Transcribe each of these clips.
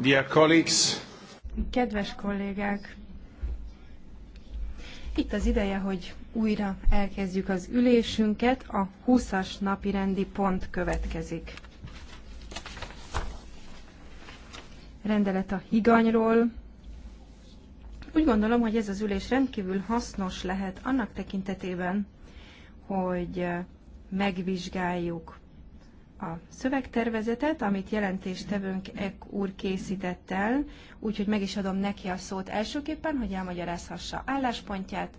Dear colleagues. Kedves kollégák! Itt az ideje, hogy újra elkezdjük az ülésünket. A 20-as napi rendi pont következik. Rendelet a higanyról. Úgy gondolom, hogy ez az ülés rendkívül hasznos lehet annak tekintetében, hogy megvizsgáljuk a szövegtervezetet, amit jelentéstevőnk Ek úr készített el, úgyhogy meg is adom neki a szót elsőképpen, hogy elmagyarázhassa álláspontját,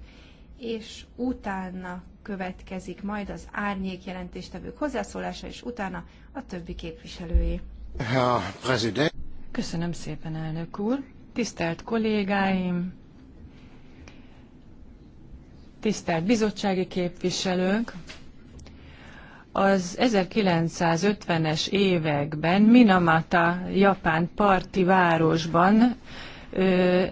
és utána következik majd az árnyék jelentéstevők hozzászólása, és utána a többi képviselői. Köszönöm szépen, elnök úr! Tisztelt kollégáim! Tisztelt bizottsági képviselők! az 1950-es években Minamata, japán parti városban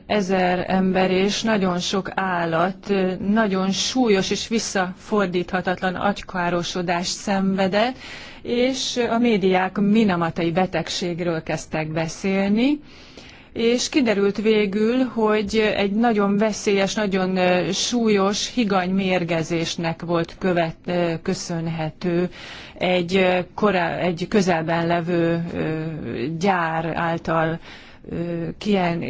ezer ember és nagyon sok állat nagyon súlyos és visszafordíthatatlan agykárosodást szenvedett, és a médiák minamatai betegségről kezdtek beszélni és kiderült végül, hogy egy nagyon veszélyes, nagyon súlyos higanymérgezésnek volt követ, köszönhető egy, korá, egy közelben levő gyár által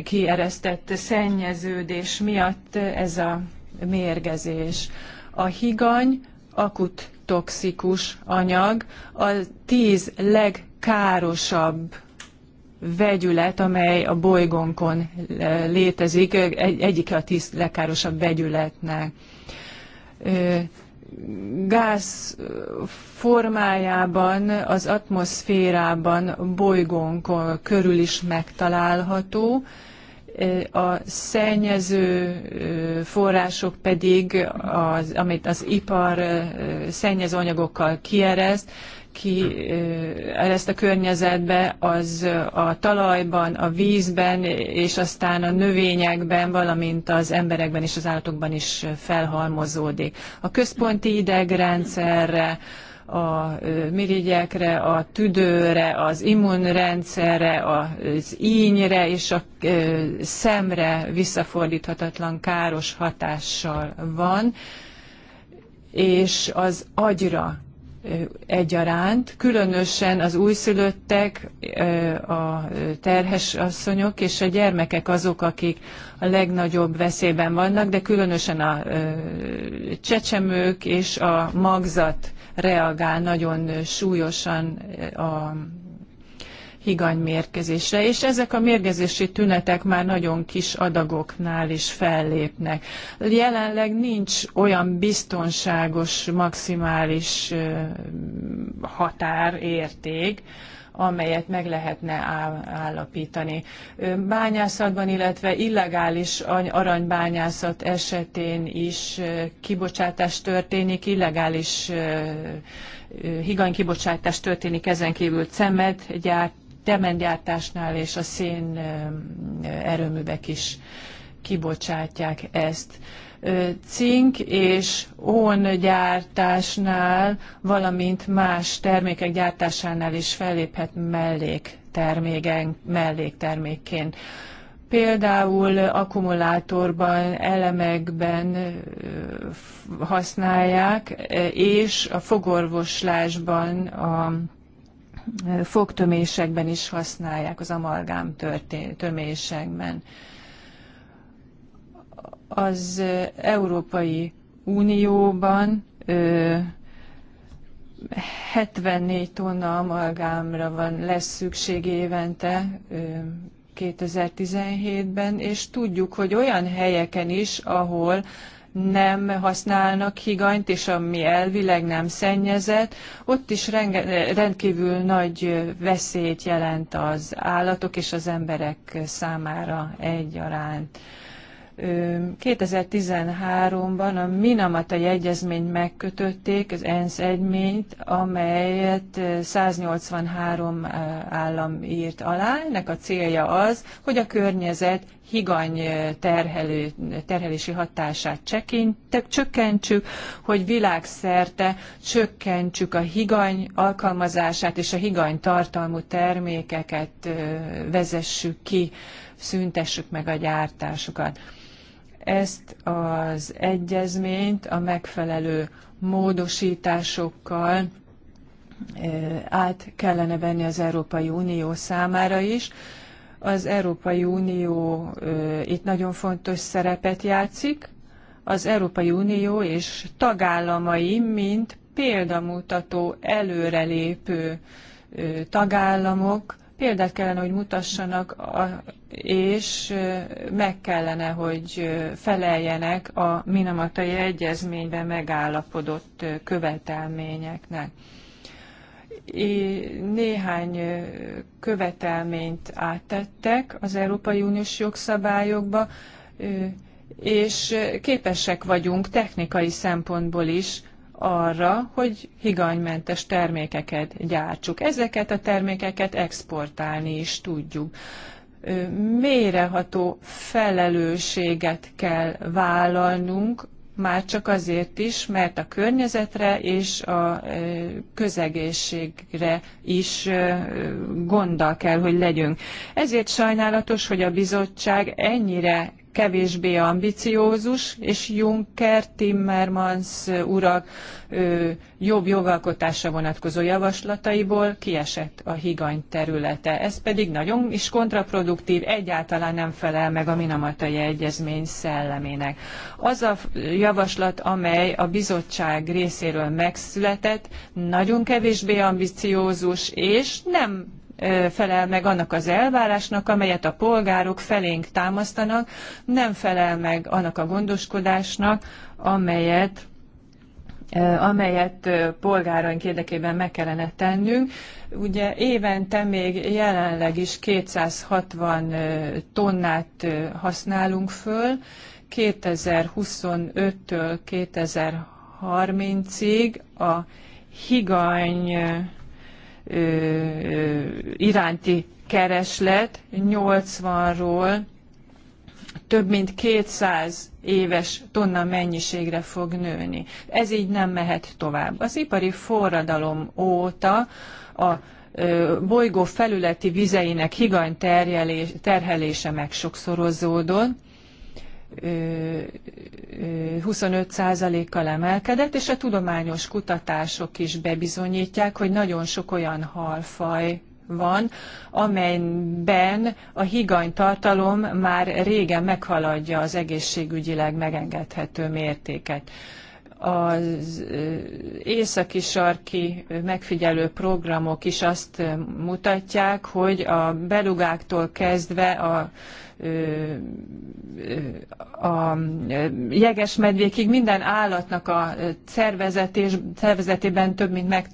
kieresztett szennyeződés miatt ez a mérgezés. A higany akut toxikus anyag, a tíz legkárosabb vegyület, amely a bolygónkon e, létezik, egy, egyik a tíz legkárosabb vegyületnek. Gáz formájában, az atmoszférában, bolygónk körül is megtalálható, a szennyező források pedig, az, amit az ipar szennyező anyagokkal kiereszt, ki ezt a környezetbe, az a talajban, a vízben, és aztán a növényekben, valamint az emberekben és az állatokban is felhalmozódik. A központi idegrendszerre, a mirigyekre, a tüdőre, az immunrendszerre, az ínyre és a szemre visszafordíthatatlan káros hatással van, és az agyra egyaránt, különösen az újszülöttek, a terhes asszonyok és a gyermekek azok, akik a legnagyobb veszélyben vannak, de különösen a csecsemők és a magzat reagál nagyon súlyosan a higanymérkezésre, és ezek a mérgezési tünetek már nagyon kis adagoknál is fellépnek. Jelenleg nincs olyan biztonságos maximális határérték, amelyet meg lehetne állapítani. Bányászatban, illetve illegális aranybányászat esetén is kibocsátás történik, illegális higany kibocsátás történik ezen kívül gyárt temengyártásnál és a szén erőművek is kibocsátják ezt. Cink és ón gyártásnál, valamint más termékek gyártásánál is felléphet mellékterméken, melléktermékként. Például akkumulátorban, elemekben használják, és a fogorvoslásban a fogtömésekben is használják, az amalgám tömésekben. Az Európai Unióban 74 tonna amalgámra van lesz szükség évente 2017-ben, és tudjuk, hogy olyan helyeken is, ahol nem használnak higanyt, és ami elvileg nem szennyezett, ott is renge, rendkívül nagy veszélyt jelent az állatok és az emberek számára egyaránt. 2013-ban a minamata Egyezményt megkötötték, az ENSZ egyményt, amelyet 183 állam írt alá. Ennek a célja az, hogy a környezet higany terhelő, terhelési hatását csökkentsük, hogy világszerte csökkentsük a higany alkalmazását és a higany tartalmú termékeket vezessük ki, szüntessük meg a gyártásukat ezt az egyezményt a megfelelő módosításokkal eh, át kellene venni az Európai Unió számára is. Az Európai Unió eh, itt nagyon fontos szerepet játszik. Az Európai Unió és tagállamai, mint példamutató, előrelépő eh, tagállamok példát kellene, hogy mutassanak a és meg kellene, hogy feleljenek a Minamatai Egyezményben megállapodott követelményeknek. Néhány követelményt áttettek az Európai Uniós jogszabályokba, és képesek vagyunk technikai szempontból is arra, hogy higanymentes termékeket gyártsuk. Ezeket a termékeket exportálni is tudjuk méreható felelősséget kell vállalnunk, már csak azért is, mert a környezetre és a közegészségre is gonddal kell, hogy legyünk. Ezért sajnálatos, hogy a bizottság ennyire kevésbé ambiciózus, és Juncker, Timmermans urak jobb jogalkotásra vonatkozó javaslataiból kiesett a higany területe. Ez pedig nagyon is kontraproduktív, egyáltalán nem felel meg a Minamatai Egyezmény szellemének. Az a javaslat, amely a bizottság részéről megszületett, nagyon kevésbé ambiciózus, és nem felel meg annak az elvárásnak, amelyet a polgárok felénk támasztanak, nem felel meg annak a gondoskodásnak, amelyet amelyet polgáraink érdekében meg kellene tennünk. Ugye évente még jelenleg is 260 tonnát használunk föl, 2025-től 2030-ig a higany iránti kereslet 80-ról több mint 200 éves tonna mennyiségre fog nőni. Ez így nem mehet tovább. Az ipari forradalom óta a bolygó felületi vizeinek higany terhelése megsokszorozódott, 25%-kal emelkedett, és a tudományos kutatások is bebizonyítják, hogy nagyon sok olyan halfaj van, amelyben a higany tartalom már régen meghaladja az egészségügyileg megengedhető mértéket az északi sarki megfigyelő programok is azt mutatják, hogy a belugáktól kezdve a a jeges medvékig minden állatnak a szervezetés, szervezetében több mint meg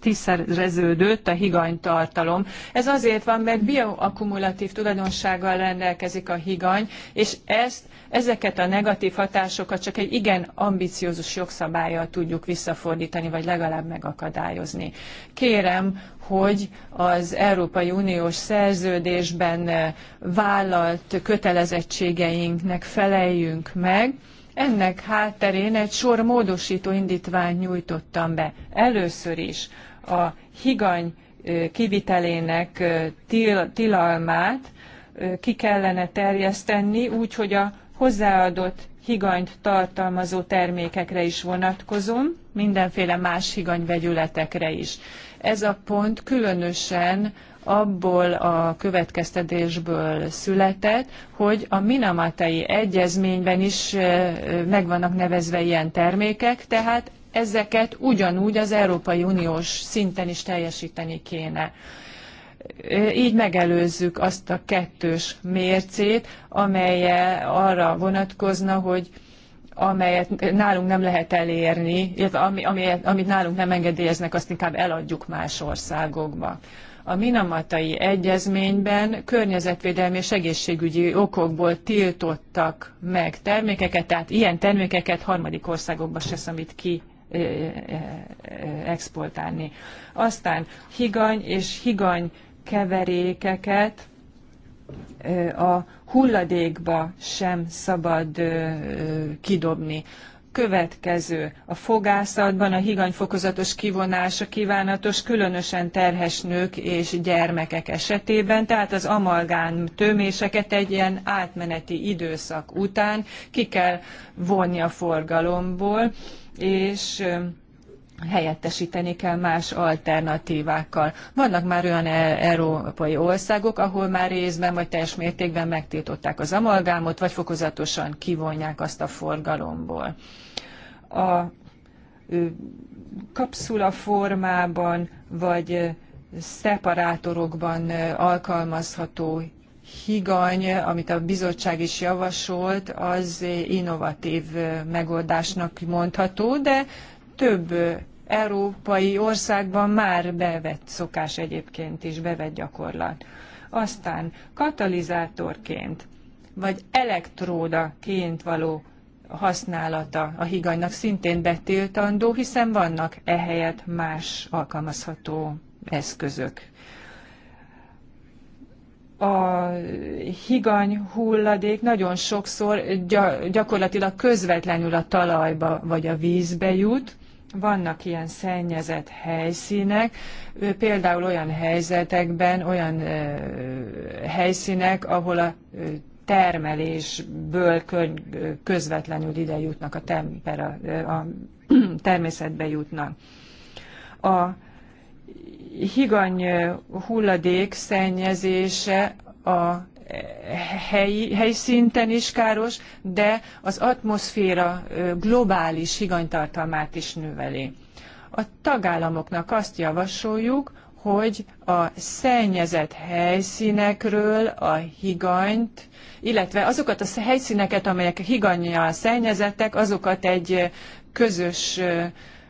tízszereződött a higany tartalom. Ez azért van, mert bioakkumulatív tulajdonsággal rendelkezik a higany, és ezt, ezeket a negatív hatásokat csak egy igen ambiciózus jogszabályjal tudjuk visszafordítani, vagy legalább megakadályozni. Kérem, hogy az Európai Uniós szerződésben eh, vállalt kötelezettségeinknek feleljünk meg. Ennek hátterén egy sor módosító indítványt nyújtottam be. Először is a higany eh, kivitelének eh, til tilalmát ki kellene terjeszteni, úgy, hogy a hozzáadott higanyt tartalmazó termékekre is vonatkozom, mindenféle más higanyvegyületekre is. Ez a pont különösen abból a következtetésből született, hogy a Minamatei Egyezményben is meg vannak nevezve ilyen termékek, tehát ezeket ugyanúgy az Európai Uniós szinten is teljesíteni kéne. Így megelőzzük azt a kettős mércét, amelye arra vonatkozna, hogy amelyet nálunk nem lehet elérni, illetve ami, ami, amit nálunk nem engedélyeznek, azt inkább eladjuk más országokba. A Minamatai Egyezményben környezetvédelmi és egészségügyi okokból tiltottak meg termékeket, tehát ilyen termékeket harmadik országokba se szemít ki exportálni. Aztán higany és higany keverékeket a hulladékba sem szabad kidobni. Következő, a fogászatban a higany fokozatos kivonása kívánatos, különösen terhes nők és gyermekek esetében, tehát az amalgán töméseket egy ilyen átmeneti időszak után ki kell vonni a forgalomból, és helyettesíteni kell más alternatívákkal. Vannak már olyan e- európai országok, ahol már részben vagy teljes mértékben megtiltották az amalgámot, vagy fokozatosan kivonják azt a forgalomból. A kapszula formában vagy szeparátorokban alkalmazható higany, amit a bizottság is javasolt, az innovatív megoldásnak mondható, de több európai országban már bevett szokás egyébként is, bevett gyakorlat. Aztán katalizátorként, vagy elektródaként való használata a higanynak szintén betiltandó, hiszen vannak ehelyett más alkalmazható eszközök. A higany hulladék nagyon sokszor gyakorlatilag közvetlenül a talajba vagy a vízbe jut, vannak ilyen szennyezett helyszínek, például olyan helyzetekben, olyan helyszínek, ahol a termelésből közvetlenül ide jutnak, a, tempera, a természetbe jutnak. A higany hulladék szennyezése a helyi, helyszinten is káros, de az atmoszféra globális higanytartalmát is növeli. A tagállamoknak azt javasoljuk, hogy a szennyezett helyszínekről a higanyt, illetve azokat a helyszíneket, amelyek higanyjal szennyezettek, azokat egy közös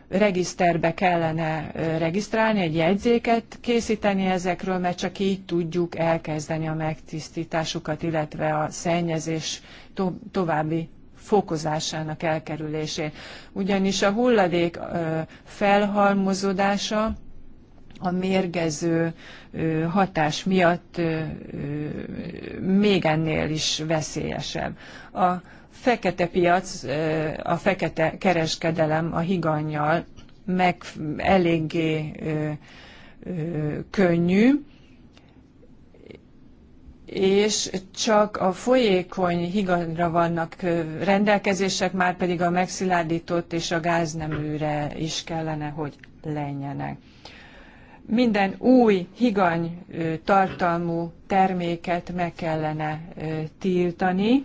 regiszterbe kellene regisztrálni, egy jegyzéket készíteni ezekről, mert csak így tudjuk elkezdeni a megtisztításukat, illetve a szennyezés to további fokozásának elkerülését. Ugyanis a hulladék felhalmozódása a mérgező hatás miatt még ennél is veszélyesebb. A fekete piac, a fekete kereskedelem a higannyal meg eléggé könnyű, és csak a folyékony higanyra vannak rendelkezések, már pedig a megszilárdított és a gázneműre is kellene, hogy lenjenek. Minden új higany tartalmú terméket meg kellene tiltani,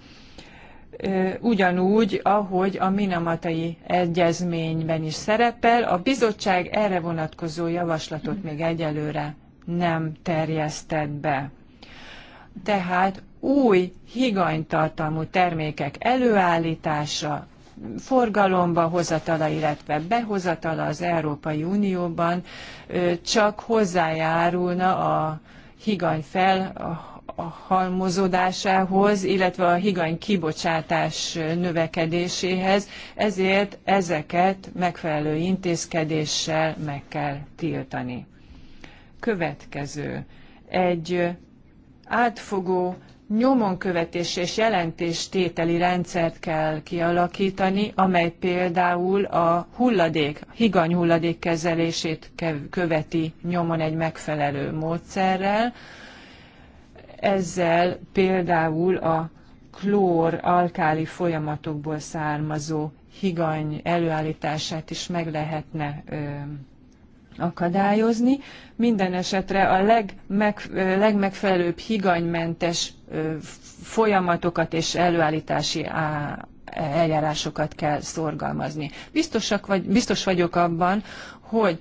ugyanúgy, ahogy a Minamatai Egyezményben is szerepel. A bizottság erre vonatkozó javaslatot még egyelőre nem terjesztett be. Tehát új higanytartalmú termékek előállítása, forgalomba hozatala, illetve behozatala az Európai Unióban csak hozzájárulna a higany fel, a halmozódásához, illetve a higany kibocsátás növekedéséhez, ezért ezeket megfelelő intézkedéssel meg kell tiltani. Következő. Egy átfogó nyomon követés és jelentéstételi rendszert kell kialakítani, amely például a hulladék, higany hulladék kezelését követi nyomon egy megfelelő módszerrel, ezzel például a klór alkáli folyamatokból származó higany előállítását is meg lehetne ö, akadályozni. Minden esetre a legmeg, legmegfelelőbb higanymentes ö, folyamatokat és előállítási á, eljárásokat kell szorgalmazni. Biztosak vagy, biztos vagyok abban, hogy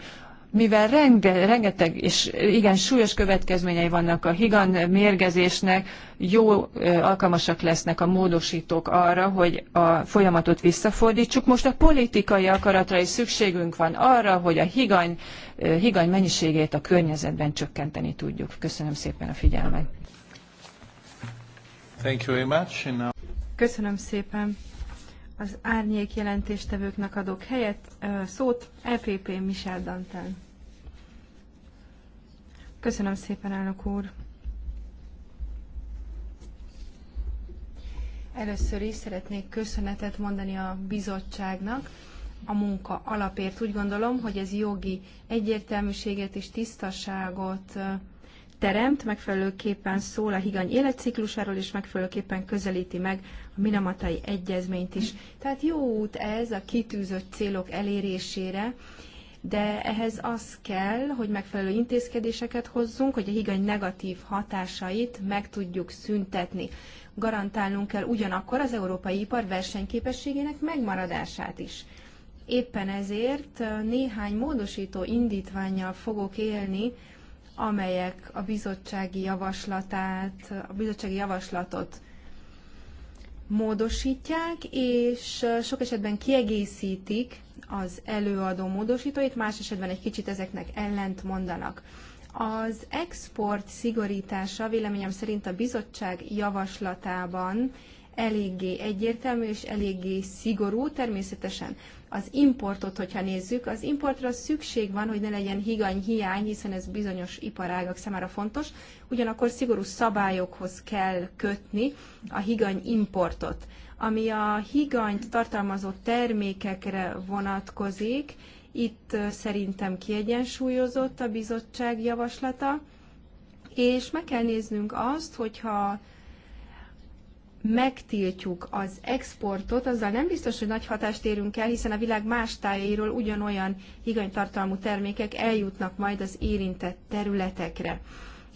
mivel renge, rengeteg és igen súlyos következményei vannak a higan mérgezésnek, jó alkalmasak lesznek a módosítók arra, hogy a folyamatot visszafordítsuk. Most a politikai akaratra is szükségünk van arra, hogy a higany, higany mennyiségét a környezetben csökkenteni tudjuk. Köszönöm szépen a figyelmet. Köszönöm szépen az árnyék jelentéstevőknek adok helyet, szót EPP Michel Dantán. Köszönöm szépen, elnök úr! Először is szeretnék köszönetet mondani a bizottságnak a munka alapért. Úgy gondolom, hogy ez jogi egyértelműséget és tisztaságot teremt, megfelelőképpen szól a higany életciklusáról, és megfelelőképpen közelíti meg a Minamatai Egyezményt is. Tehát jó út ez a kitűzött célok elérésére, de ehhez az kell, hogy megfelelő intézkedéseket hozzunk, hogy a higany negatív hatásait meg tudjuk szüntetni. Garantálnunk kell ugyanakkor az európai ipar versenyképességének megmaradását is. Éppen ezért eh, néhány módosító indítványjal fogok élni, amelyek a bizottsági javaslatát, a bizottsági javaslatot módosítják, és sok esetben kiegészítik az előadó módosítóit, más esetben egy kicsit ezeknek ellent mondanak. Az export szigorítása véleményem szerint a bizottság javaslatában eléggé egyértelmű és eléggé szigorú. Természetesen az importot, hogyha nézzük, az importra szükség van, hogy ne legyen higany hiány, hiszen ez bizonyos iparágak számára fontos, ugyanakkor szigorú szabályokhoz kell kötni a higany importot. Ami a higanyt tartalmazó termékekre vonatkozik, itt szerintem kiegyensúlyozott a bizottság javaslata, és meg kell néznünk azt, hogyha megtiltjuk az exportot, azzal nem biztos, hogy nagy hatást érünk el, hiszen a világ más tájairól ugyanolyan higanytartalmú termékek eljutnak majd az érintett területekre.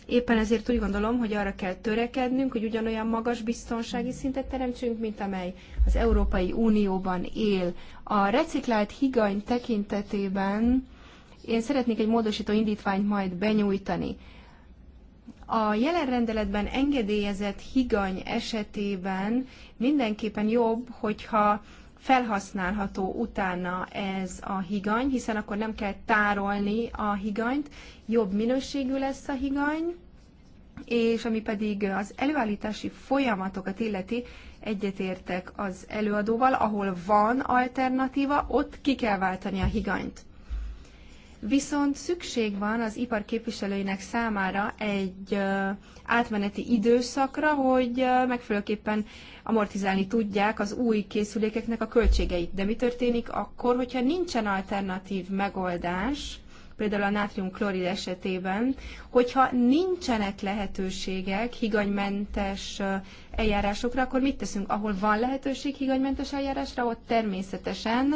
Éppen ezért úgy gondolom, hogy arra kell törekednünk, hogy ugyanolyan magas biztonsági szintet teremtsünk, mint amely az Európai Unióban él. A reciklált higany tekintetében én szeretnék egy módosító indítványt majd benyújtani. A jelen rendeletben engedélyezett higany esetében mindenképpen jobb, hogyha felhasználható utána ez a higany, hiszen akkor nem kell tárolni a higanyt, jobb minőségű lesz a higany, és ami pedig az előállítási folyamatokat illeti, egyetértek az előadóval, ahol van alternatíva, ott ki kell váltani a higanyt. Viszont szükség van az ipar képviselőinek számára egy átmeneti időszakra, hogy megfelelőképpen amortizálni tudják az új készülékeknek a költségeit. De mi történik akkor, hogyha nincsen alternatív megoldás, például a nátriumklorid esetében, hogyha nincsenek lehetőségek higanymentes eljárásokra, akkor mit teszünk? Ahol van lehetőség higanymentes eljárásra, ott természetesen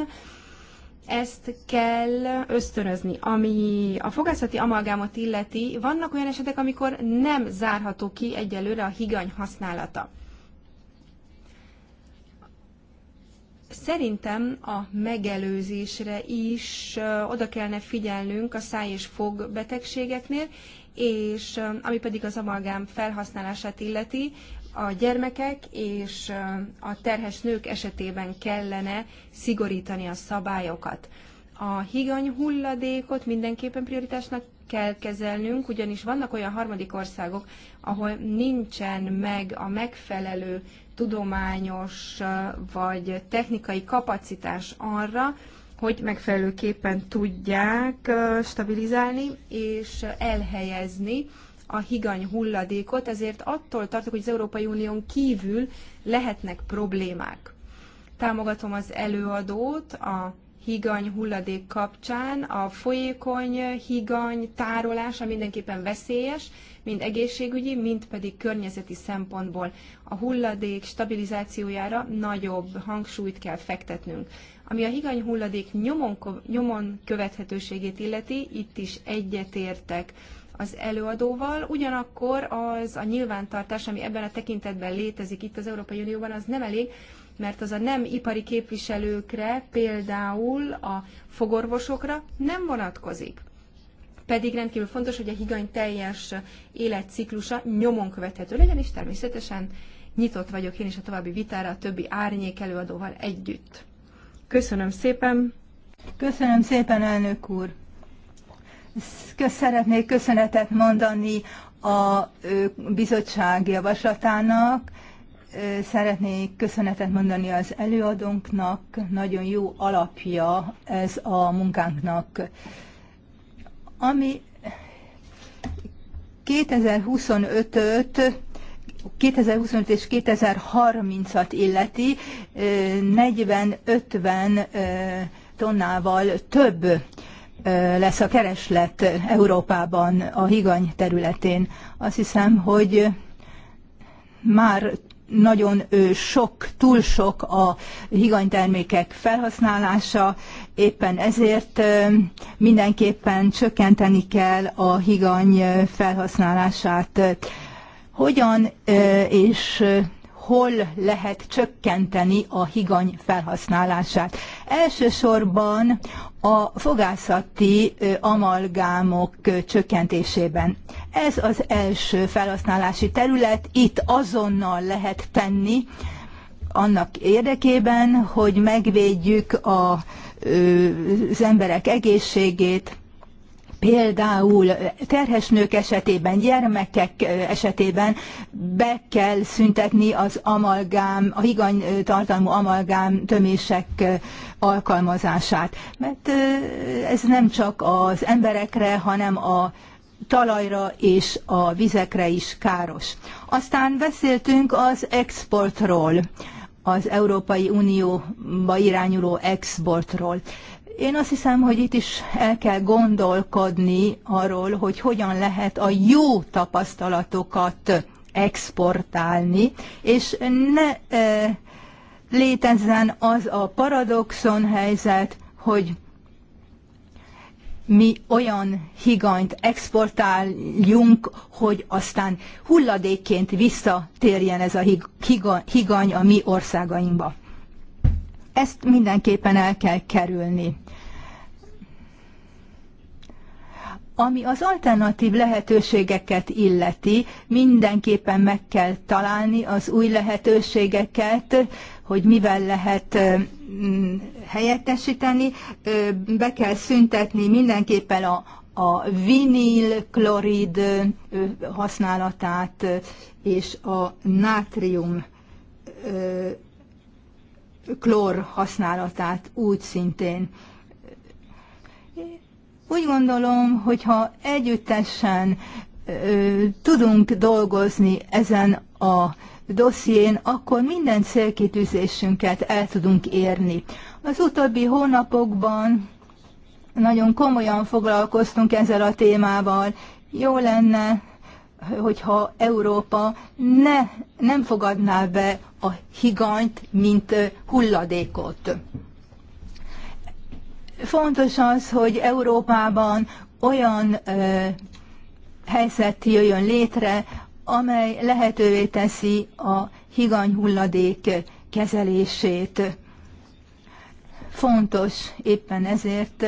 ezt kell ösztönözni. Ami a fogászati amalgámot illeti, vannak olyan esetek, amikor nem zárható ki egyelőre a higany használata. Szerintem a megelőzésre is oda kellene figyelnünk a száj és fog betegségeknél, és ami pedig az amalgám felhasználását illeti, a gyermekek és a terhes nők esetében kellene szigorítani a szabályokat. A higany hulladékot mindenképpen prioritásnak kell kezelnünk, ugyanis vannak olyan harmadik országok, ahol nincsen meg a megfelelő tudományos vagy technikai kapacitás arra, hogy megfelelőképpen tudják stabilizálni és elhelyezni a higany hulladékot, ezért attól tartok, hogy az Európai Unión kívül lehetnek problémák. Támogatom az előadót a higany hulladék kapcsán. A folyékony higany tárolása mindenképpen veszélyes, mind egészségügyi, mind pedig környezeti szempontból. A hulladék stabilizációjára nagyobb hangsúlyt kell fektetnünk. Ami a higany hulladék nyomon, nyomon követhetőségét illeti, itt is egyetértek az előadóval, ugyanakkor az a nyilvántartás, ami ebben a tekintetben létezik itt az Európai Unióban, az nem elég, mert az a nem ipari képviselőkre, például a fogorvosokra nem vonatkozik. Pedig rendkívül fontos, hogy a higany teljes életciklusa nyomon követhető legyen, és természetesen nyitott vagyok én is a további vitára a többi árnyék előadóval együtt. Köszönöm szépen! Köszönöm szépen, elnök úr! Szeretnék köszönetet mondani a bizottság javaslatának, szeretnék köszönetet mondani az előadónknak, nagyon jó alapja ez a munkánknak. Ami 2025-öt 2025 és 2030-at illeti 40-50 tonnával több lesz a kereslet Európában a higany területén. Azt hiszem, hogy már nagyon sok, túl sok a higanytermékek felhasználása, éppen ezért mindenképpen csökkenteni kell a higany felhasználását. Hogyan és hol lehet csökkenteni a higany felhasználását. Elsősorban a fogászati amalgámok csökkentésében. Ez az első felhasználási terület, itt azonnal lehet tenni, annak érdekében, hogy megvédjük a, az emberek egészségét, például terhes nők esetében, gyermekek esetében be kell szüntetni az amalgám, a higany tartalmú amalgám tömések alkalmazását. Mert ez nem csak az emberekre, hanem a talajra és a vizekre is káros. Aztán beszéltünk az exportról, az Európai Unióba irányuló exportról. Én azt hiszem, hogy itt is el kell gondolkodni arról, hogy hogyan lehet a jó tapasztalatokat exportálni, és ne e, létezzen az a paradoxon helyzet, hogy mi olyan higanyt exportáljunk, hogy aztán hulladékként visszatérjen ez a higany a mi országainkba. Ezt mindenképpen el kell kerülni. Ami az alternatív lehetőségeket illeti, mindenképpen meg kell találni az új lehetőségeket, hogy mivel lehet mm, helyettesíteni. Be kell szüntetni mindenképpen a, a klorid használatát és a nátrium klór használatát úgy szintén. Úgy gondolom, hogyha együttesen tudunk dolgozni ezen a dosszién, akkor minden célkitűzésünket el tudunk érni. Az utóbbi hónapokban nagyon komolyan foglalkoztunk ezzel a témával. Jó lenne, hogyha Európa ne, nem fogadná be a higanyt, mint hulladékot. Fontos az, hogy Európában olyan ö, helyzet jöjjön létre, amely lehetővé teszi a higany hulladék kezelését. Fontos éppen ezért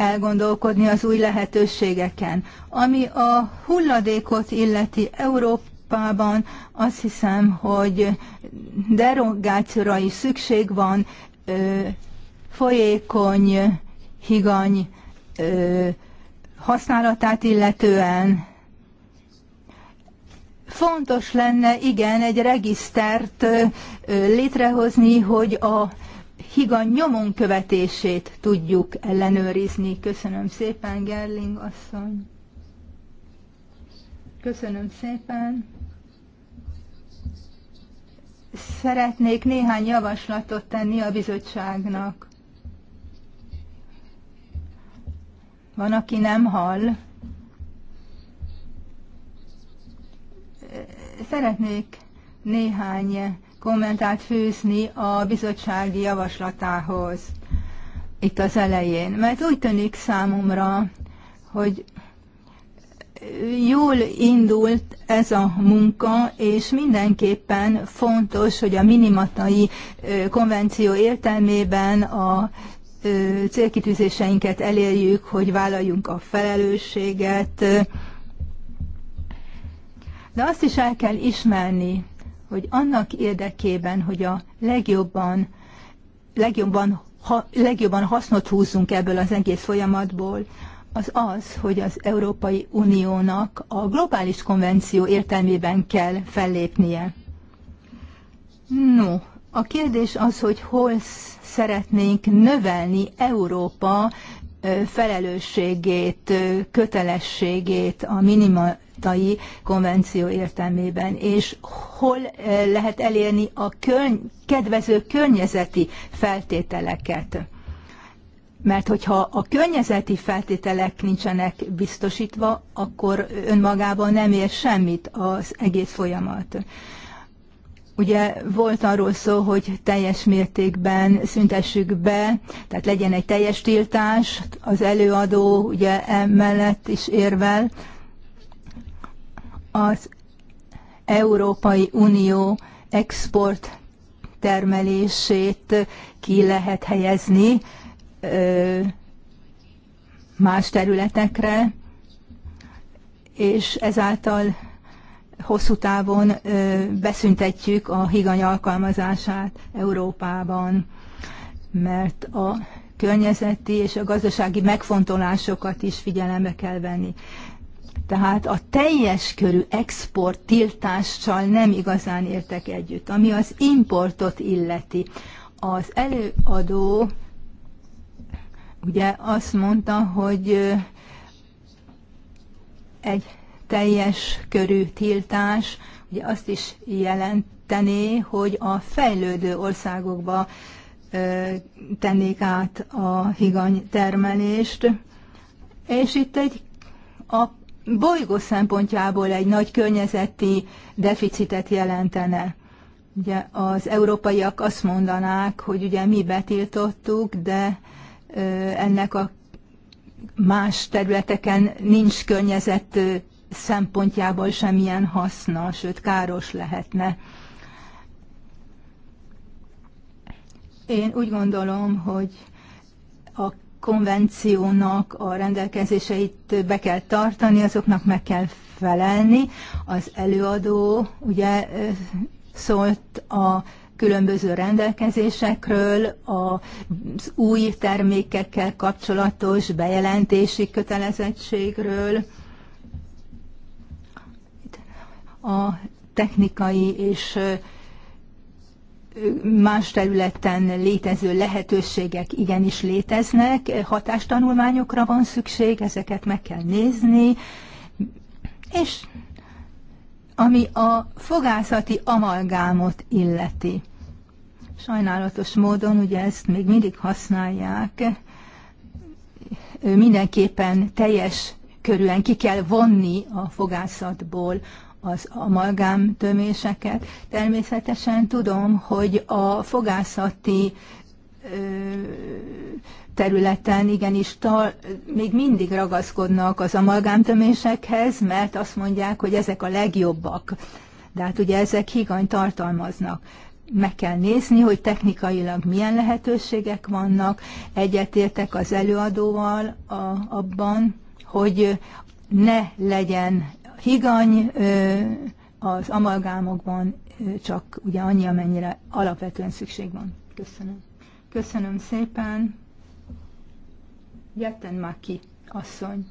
elgondolkodni az új lehetőségeken. Ami a hulladékot illeti Európában, azt hiszem, hogy derogációra is szükség van, ö, folyékony, higany ö, használatát illetően. Fontos lenne, igen, egy regisztert ö, létrehozni, hogy a higa nyomon követését tudjuk ellenőrizni. Köszönöm szépen, Gerling asszony. Köszönöm szépen. Szeretnék néhány javaslatot tenni a bizottságnak. Van, aki nem hall. Szeretnék néhány kommentált fűzni a bizottsági javaslatához itt az elején, mert úgy tűnik számomra, hogy jól indult ez a munka, és mindenképpen fontos, hogy a minimatai konvenció értelmében a célkitűzéseinket elérjük, hogy vállaljunk a felelősséget, de azt is el kell ismerni, hogy annak érdekében, hogy a legjobban, legjobban, ha, legjobban hasznot húzzunk ebből az egész folyamatból, az az, hogy az Európai Uniónak a globális konvenció értelmében kell fellépnie. No, a kérdés az, hogy hol szeretnénk növelni Európa felelősségét, kötelességét a minimatai konvenció értelmében, és hol lehet elérni a körny- kedvező környezeti feltételeket. Mert hogyha a környezeti feltételek nincsenek biztosítva, akkor önmagában nem ér semmit az egész folyamat. Ugye volt arról szó, hogy teljes mértékben szüntessük be, tehát legyen egy teljes tiltás, az előadó ugye emellett is érvel. Az Európai Unió export termelését ki lehet helyezni más területekre, és ezáltal hosszú távon beszüntetjük a higany alkalmazását Európában, mert a környezeti és a gazdasági megfontolásokat is figyelembe kell venni. Tehát a teljes körű export tiltással nem igazán értek együtt. Ami az importot illeti, az előadó ugye azt mondta, hogy egy teljes körű tiltás ugye azt is jelentené, hogy a fejlődő országokba tennék át a higany termelést, és itt egy a bolygó szempontjából egy nagy környezeti deficitet jelentene. Ugye az európaiak azt mondanák, hogy ugye mi betiltottuk, de ennek a más területeken nincs környezet szempontjából semmilyen haszna, sőt káros lehetne. Én úgy gondolom, hogy a konvenciónak a rendelkezéseit be kell tartani, azoknak meg kell felelni. Az előadó ugye szólt a különböző rendelkezésekről, az új termékekkel kapcsolatos bejelentési kötelezettségről, a technikai és más területen létező lehetőségek igenis léteznek, hatástanulmányokra van szükség, ezeket meg kell nézni, és ami a fogászati amalgámot illeti. Sajnálatos módon ugye ezt még mindig használják, mindenképpen teljes körülön ki kell vonni a fogászatból az amalgám töméseket. Természetesen tudom, hogy a fogászati területen igenis tal, még mindig ragaszkodnak az tömésekhez, mert azt mondják, hogy ezek a legjobbak. De hát ugye ezek higany tartalmaznak. Meg kell nézni, hogy technikailag milyen lehetőségek vannak. Egyetértek az előadóval a, abban, hogy ne legyen higany az amalgámokban csak ugye annyi, amennyire alapvetően szükség van. Köszönöm. Köszönöm szépen. Jetten Maki, asszony.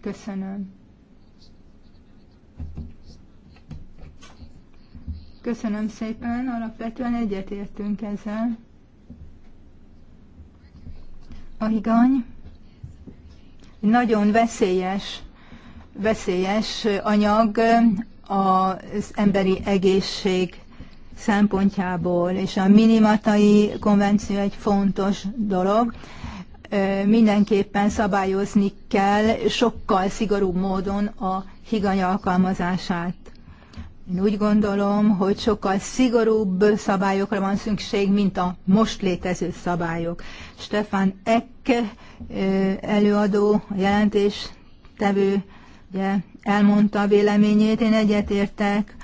Köszönöm. Köszönöm szépen, alapvetően egyetértünk ezzel. A higany nagyon veszélyes veszélyes anyag az emberi egészség szempontjából, és a minimatai konvenció egy fontos dolog. Mindenképpen szabályozni kell sokkal szigorúbb módon a higany alkalmazását. Én úgy gondolom, hogy sokkal szigorúbb szabályokra van szükség, mint a most létező szabályok. Stefan Eck előadó, jelentéstevő ugye elmondta a véleményét, én egyetértek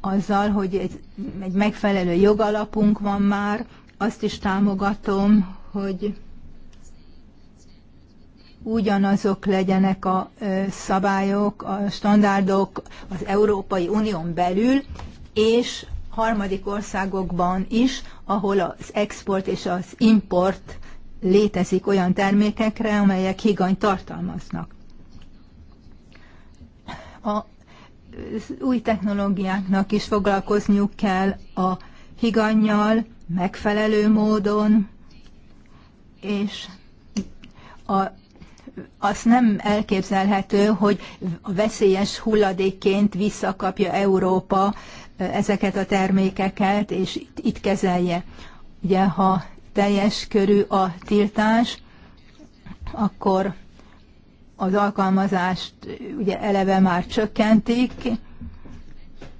azzal, hogy egy, egy megfelelő jogalapunk van már, azt is támogatom, hogy ugyanazok legyenek a szabályok, a standardok az Európai Unión belül, és harmadik országokban is, ahol az export és az import létezik olyan termékekre, amelyek higany tartalmaznak a új technológiáknak is foglalkozniuk kell a higannyal megfelelő módon, és a, az nem elképzelhető, hogy a veszélyes hulladékként visszakapja Európa ezeket a termékeket, és itt, itt kezelje. Ugye, ha teljes körű a tiltás, akkor az alkalmazást ugye eleve már csökkentik,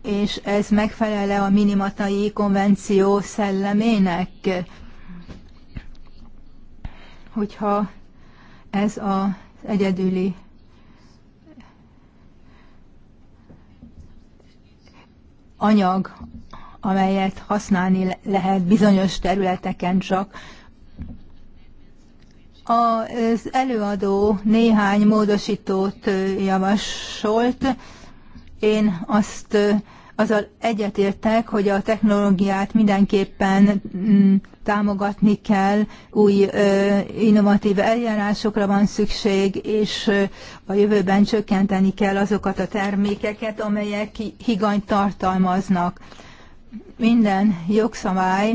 és ez megfelele a minimatai konvenció szellemének. Hogyha ez az egyedüli anyag, amelyet használni lehet bizonyos területeken csak, az előadó néhány módosítót javasolt. Én azt azzal egyetértek, hogy a technológiát mindenképpen mm, támogatni kell, új innovatív eljárásokra van szükség, és a jövőben csökkenteni kell azokat a termékeket, amelyek higany tartalmaznak. Minden jogszabály,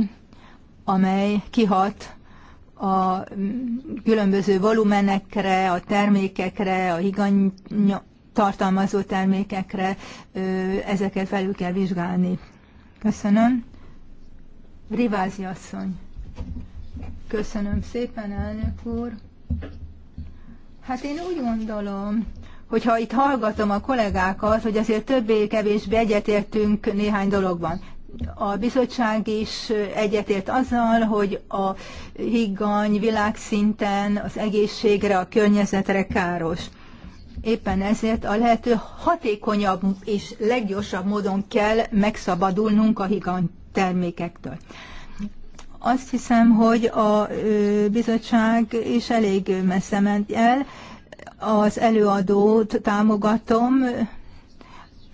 amely kihat a különböző volumenekre, a termékekre, a higany tartalmazó termékekre, ezeket felül kell vizsgálni. Köszönöm. Rivázi asszony. Köszönöm szépen, elnök úr. Hát én úgy gondolom, hogyha itt hallgatom a kollégákat, hogy azért többé-kevésbé egyetértünk néhány dologban a bizottság is egyetért azzal, hogy a higgany világszinten az egészségre, a környezetre káros. Éppen ezért a lehető hatékonyabb és leggyorsabb módon kell megszabadulnunk a higany termékektől. Azt hiszem, hogy a bizottság is elég messze ment el. Az előadót támogatom,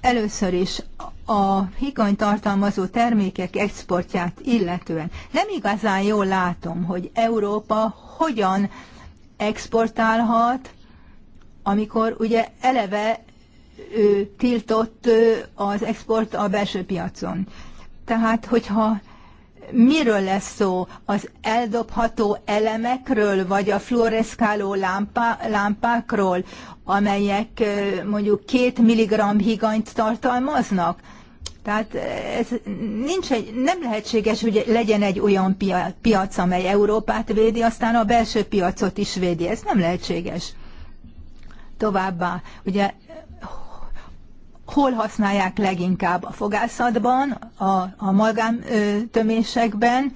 Először is a higany tartalmazó termékek exportját illetően nem igazán jól látom, hogy Európa hogyan exportálhat, amikor ugye eleve ő, tiltott az export a belső piacon. Tehát, hogyha miről lesz szó? Az eldobható elemekről, vagy a fluoreszkáló lámpá, lámpákról, amelyek mondjuk két milligramm higanyt tartalmaznak? Tehát ez nincs egy, nem lehetséges, hogy legyen egy olyan piac, amely Európát védi, aztán a belső piacot is védi. Ez nem lehetséges. Továbbá, ugye hol használják leginkább a fogászatban, a, a malgám ö, tömésekben,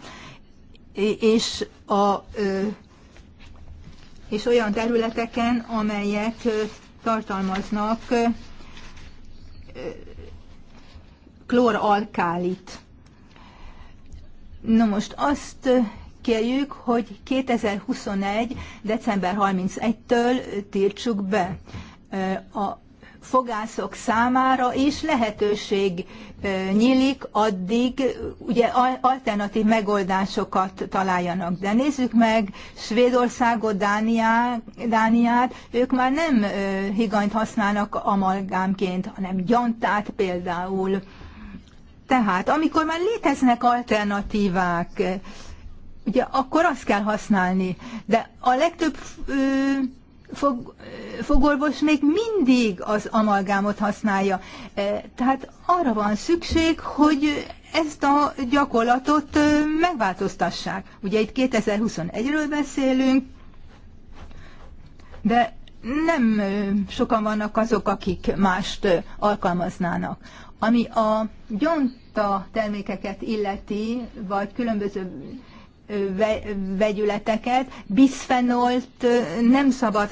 és, a, ö, és olyan területeken, amelyek ö, tartalmaznak kloralkálit. Na most azt kérjük, hogy 2021. december 31-től tiltsuk be a fogászok számára is lehetőség nyílik, addig ugye alternatív megoldásokat találjanak. De nézzük meg Svédországot, Dániát, Dániát ők már nem higanyt használnak amalgámként, hanem gyantát például. Tehát amikor már léteznek alternatívák, ugye akkor azt kell használni. De a legtöbb fog, fogorvos még mindig az amalgámot használja. E, tehát arra van szükség, hogy ezt a gyakorlatot e, megváltoztassák. Ugye itt 2021-ről beszélünk, de nem e, sokan vannak azok, akik mást alkalmaznának. Ami a gyonta termékeket illeti, vagy különböző vegyületeket, bispfenolt nem szabad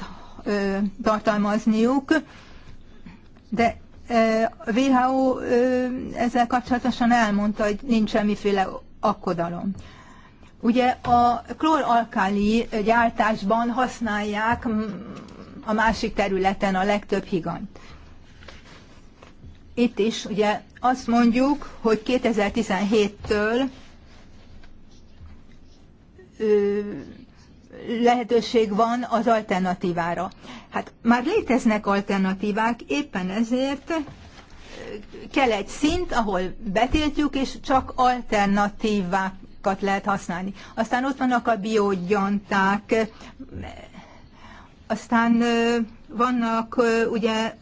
tartalmazniuk, de WHO ezzel kapcsolatosan elmondta, hogy nincs semmiféle akkodalom. Ugye a kloralkáli gyártásban használják a másik területen a legtöbb higant. Itt is ugye azt mondjuk, hogy 2017-től lehetőség van az alternatívára. Hát már léteznek alternatívák, éppen ezért kell egy szint, ahol betiltjuk, és csak alternatívákat lehet használni. Aztán ott vannak a biogyanták, aztán vannak ugye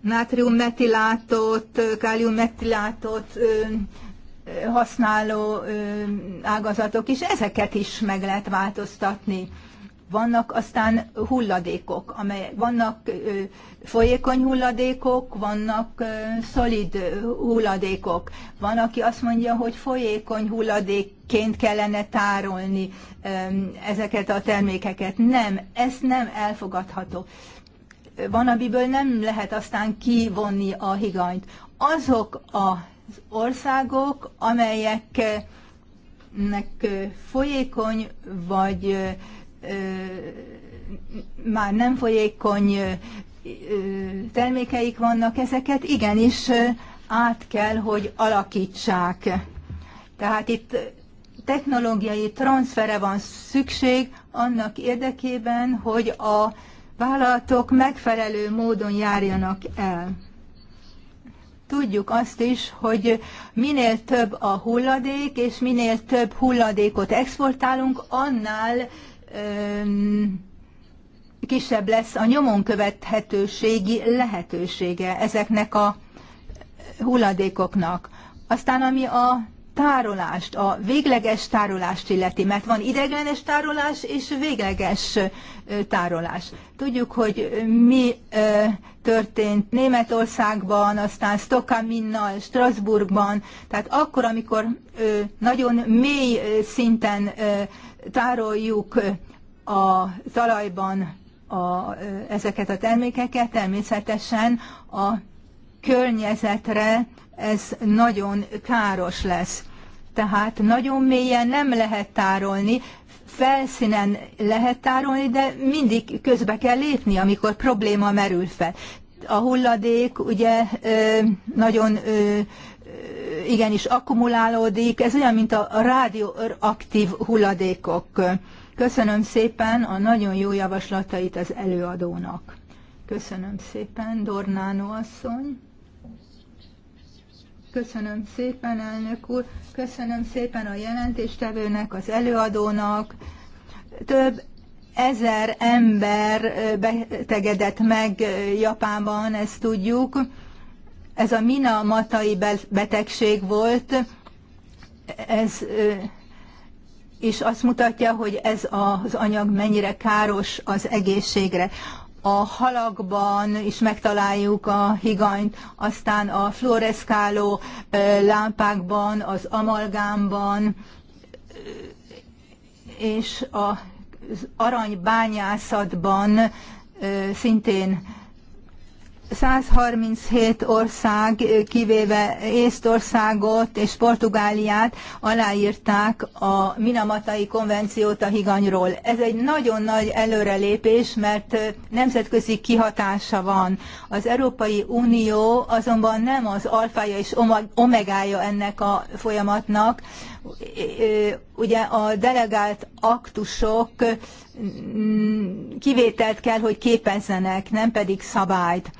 nátriumetilátot, káliumetilátot, használó ágazatok is, ezeket is meg lehet változtatni. Vannak aztán hulladékok, amelyek vannak ö, folyékony hulladékok, vannak ö, szolid hulladékok. Van, aki azt mondja, hogy folyékony hulladékként kellene tárolni ö, ezeket a termékeket. Nem, ez nem elfogadható. Van, amiből nem lehet aztán kivonni a higanyt. Azok a országok, amelyeknek folyékony vagy már nem folyékony termékeik vannak, ezeket igenis át kell, hogy alakítsák. Tehát itt technológiai transfere van szükség annak érdekében, hogy a vállalatok megfelelő módon járjanak el tudjuk azt is, hogy minél több a hulladék, és minél több hulladékot exportálunk, annál öm, kisebb lesz a nyomon követhetőségi lehetősége ezeknek a hulladékoknak. Aztán ami a tárolást, a végleges tárolást illeti, mert van ideglenes tárolás és végleges tárolás. Tudjuk, hogy mi történt Németországban, aztán Stokaminnal, Strasbourgban, tehát akkor, amikor nagyon mély szinten tároljuk a talajban a, ezeket a termékeket, természetesen a környezetre ez nagyon káros lesz tehát nagyon mélyen nem lehet tárolni, felszínen lehet tárolni, de mindig közbe kell lépni, amikor probléma merül fel. A hulladék ugye nagyon igenis akkumulálódik, ez olyan, mint a rádióaktív hulladékok. Köszönöm szépen a nagyon jó javaslatait az előadónak. Köszönöm szépen, Dornánó asszony. Köszönöm szépen, elnök úr. Köszönöm szépen a jelentéstevőnek, az előadónak. Több ezer ember betegedett meg Japánban, ezt tudjuk. Ez a Minamatai betegség volt. Ez és azt mutatja, hogy ez az anyag mennyire káros az egészségre a halakban is megtaláljuk a higanyt, aztán a fluoreszkáló lámpákban, az amalgámban, és az aranybányászatban szintén 137 ország, kivéve Észtországot és Portugáliát aláírták a Minamatai konvenciót a higanyról. Ez egy nagyon nagy előrelépés, mert nemzetközi kihatása van. Az Európai Unió azonban nem az alfája és omegája ennek a folyamatnak. Ugye a delegált aktusok kivételt kell, hogy képezzenek, nem pedig szabályt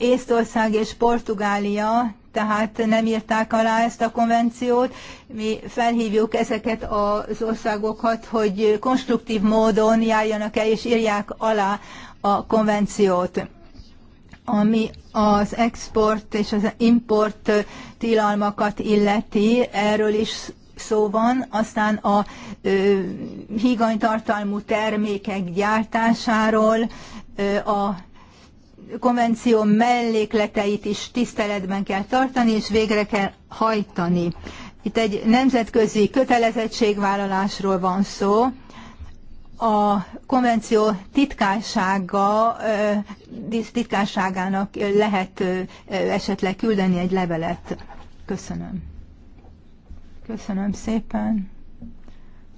Észtország és Portugália tehát nem írták alá ezt a konvenciót. Mi felhívjuk ezeket az országokat, hogy konstruktív módon járjanak el és írják alá a konvenciót ami az export és az import tilalmakat illeti, erről is szó van, aztán a ö, tartalmú termékek gyártásáról, ö, a konvenció mellékleteit is tiszteletben kell tartani, és végre kell hajtani. Itt egy nemzetközi kötelezettségvállalásról van szó. A konvenció titkársága, titkárságának lehet esetleg küldeni egy levelet. Köszönöm. Köszönöm szépen.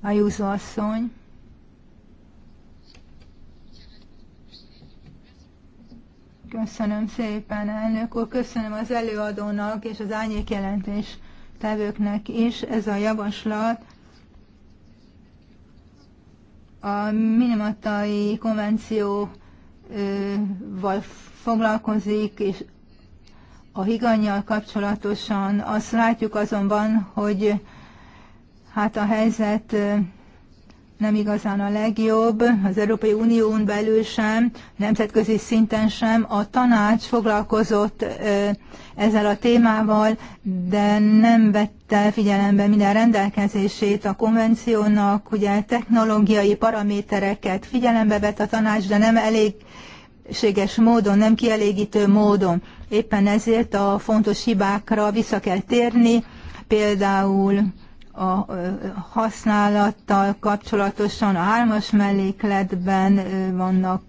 Ajúzó asszony. Köszönöm szépen, elnök úr, köszönöm az előadónak és az árnyék jelentés tevőknek is. Ez a javaslat a minimatai konvencióval foglalkozik, és a higanyjal kapcsolatosan azt látjuk azonban, hogy hát a helyzet nem igazán a legjobb, az Európai Unión belül sem, nemzetközi szinten sem. A tanács foglalkozott ezzel a témával, de nem vette figyelembe minden rendelkezését a konvenciónak, ugye technológiai paramétereket figyelembe vett a tanács, de nem elég elégséges módon, nem kielégítő módon. Éppen ezért a fontos hibákra vissza kell térni, például a használattal kapcsolatosan a hármas mellékletben vannak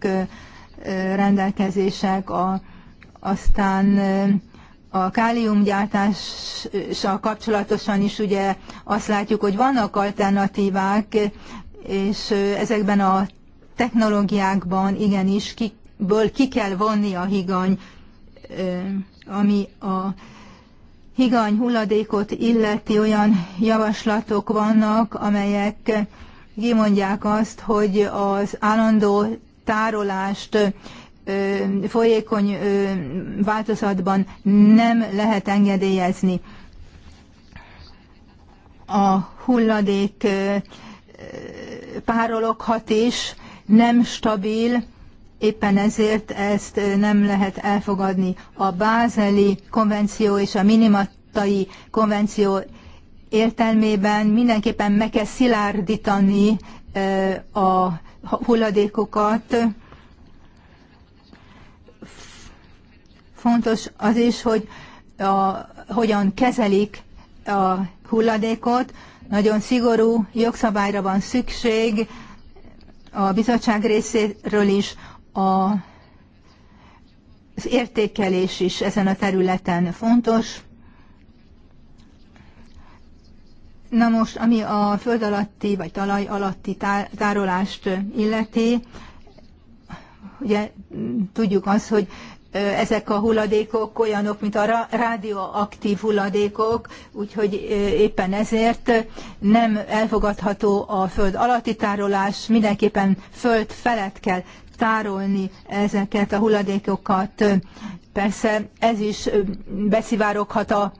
rendelkezések, a, aztán a káliumgyártással kapcsolatosan is ugye azt látjuk, hogy vannak alternatívák, és ezekben a technológiákban igenis kiből ki kell vonni a higany, ami a higany hulladékot illeti olyan javaslatok vannak, amelyek kimondják azt, hogy az állandó tárolást folyékony változatban nem lehet engedélyezni. A hulladék párologhat is, nem stabil, éppen ezért ezt nem lehet elfogadni. A bázeli konvenció és a minimatai konvenció értelmében mindenképpen meg kell szilárdítani a hulladékokat. Fontos az is, hogy a, hogyan kezelik a hulladékot. Nagyon szigorú jogszabályra van szükség a bizottság részéről is, a az értékelés is ezen a területen fontos. Na most, ami a föld alatti vagy talaj alatti tárolást illeti, ugye tudjuk azt, hogy ezek a hulladékok olyanok, mint a radioaktív hulladékok, úgyhogy éppen ezért nem elfogadható a föld alatti tárolás, mindenképpen föld felett kell tárolni ezeket a hulladékokat. Persze ez is beszivároghat a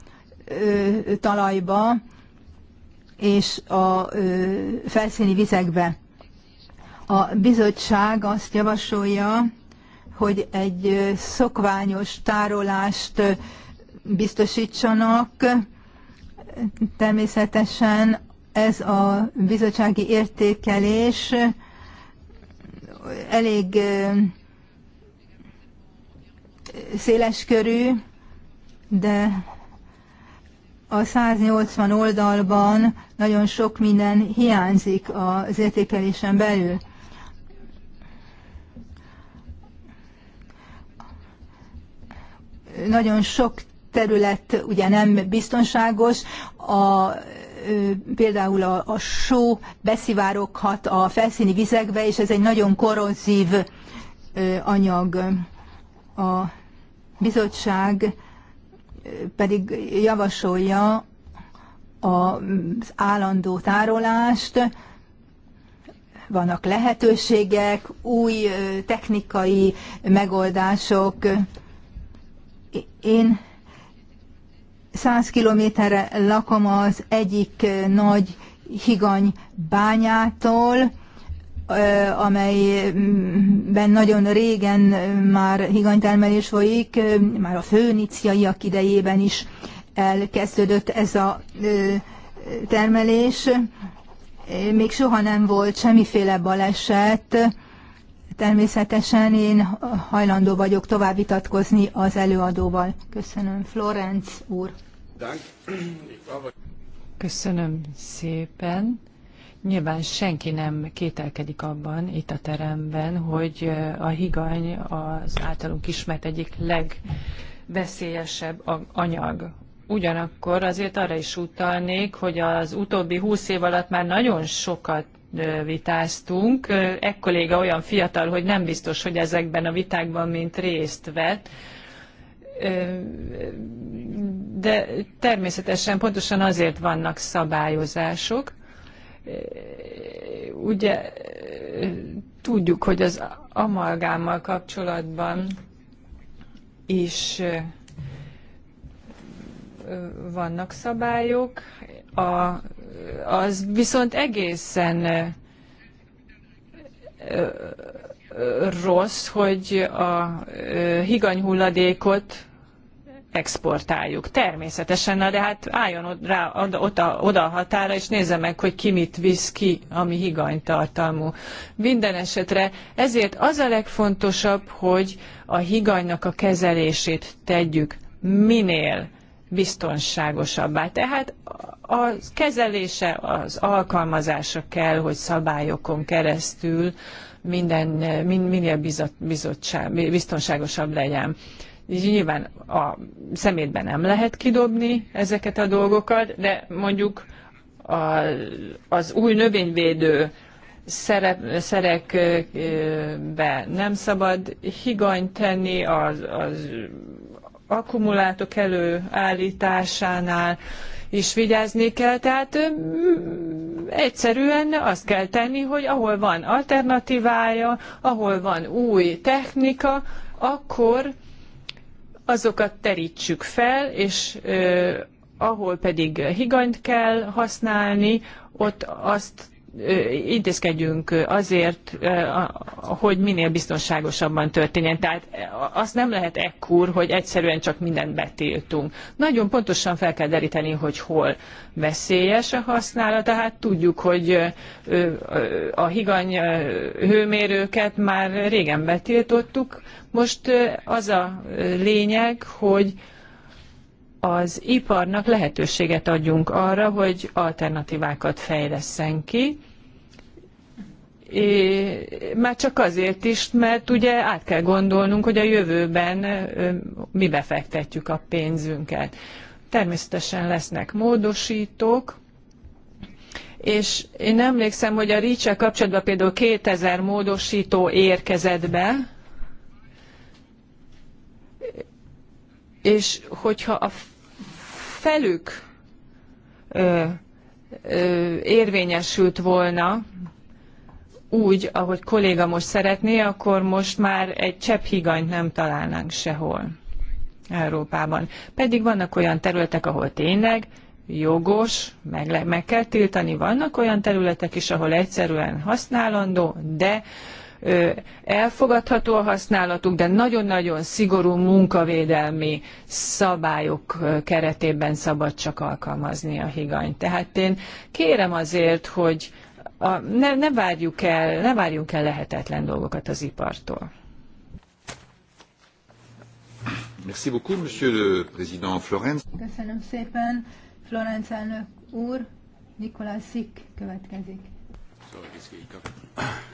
talajba és a felszíni vizekbe. A bizottság azt javasolja, hogy egy szokványos tárolást biztosítsanak. Természetesen ez a bizottsági értékelés elég széleskörű, de a 180 oldalban nagyon sok minden hiányzik az értékelésen belül. Nagyon sok terület ugye nem biztonságos, a például a, a só beszivároghat a felszíni vizekbe, és ez egy nagyon korrozív anyag. A bizottság pedig javasolja az állandó tárolást, vannak lehetőségek, új technikai megoldások. Én 100 kilométerre lakom az egyik nagy higany bányától, amelyben nagyon régen már higanytermelés folyik, már a főniciaiak idejében is elkezdődött ez a termelés. Még soha nem volt semmiféle baleset, Természetesen én hajlandó vagyok tovább vitatkozni az előadóval. Köszönöm. Florenc úr. Köszönöm szépen. Nyilván senki nem kételkedik abban itt a teremben, hogy a higany az általunk ismert egyik legveszélyesebb anyag. Ugyanakkor azért arra is utalnék, hogy az utóbbi húsz év alatt már nagyon sokat vitáztunk. E kolléga olyan fiatal, hogy nem biztos, hogy ezekben a vitákban mint részt vett. De természetesen pontosan azért vannak szabályozások. Ugye tudjuk, hogy az amalgámmal kapcsolatban is vannak szabályok. A az viszont egészen rossz, hogy a higany hulladékot exportáljuk. Természetesen, na de hát álljon rá, oda, oda, a határa, és nézze meg, hogy ki mit visz ki, ami higanytartalmú. Minden esetre ezért az a legfontosabb, hogy a higanynak a kezelését tegyük minél biztonságosabbá. Tehát a kezelése, az alkalmazása kell, hogy szabályokon keresztül minden, minél bizottság, biztonságosabb legyen. Így nyilván a szemétben nem lehet kidobni ezeket a dolgokat, de mondjuk a, az új növényvédő szerep, szerekbe nem szabad higany tenni, az, az akkumulátok előállításánál is vigyázni kell. Tehát egyszerűen azt kell tenni, hogy ahol van alternatívája, ahol van új technika, akkor azokat terítsük fel, és ahol pedig higanyt kell használni, ott azt intézkedjünk azért, hogy minél biztonságosabban történjen. Tehát az nem lehet ekkor, hogy egyszerűen csak mindent betiltunk. Nagyon pontosan fel kell deríteni, hogy hol veszélyes a használat, tehát tudjuk, hogy a higany hőmérőket már régen betiltottuk. Most az a lényeg, hogy az iparnak lehetőséget adjunk arra, hogy alternatívákat fejlesszen ki, É, már csak azért is, mert ugye át kell gondolnunk, hogy a jövőben mi befektetjük a pénzünket. Természetesen lesznek módosítók, és én emlékszem, hogy a rics kapcsolatban például 2000 módosító érkezett be, és hogyha a felük ö, ö, érvényesült volna úgy, ahogy kolléga most szeretné, akkor most már egy csepp higanyt nem találnánk sehol Európában. Pedig vannak olyan területek, ahol tényleg jogos, meg, meg kell tiltani, vannak olyan területek is, ahol egyszerűen használandó, de elfogadható a használatuk, de nagyon-nagyon szigorú munkavédelmi szabályok keretében szabad csak alkalmazni a higanyt. Tehát én kérem azért, hogy a, ne, ne, várjuk el, ne várjunk el lehetetlen dolgokat az ipartól. Merci beaucoup, Monsieur le Président Florence. Köszönöm szépen, Florence elnök úr, Nikolás Szik következik.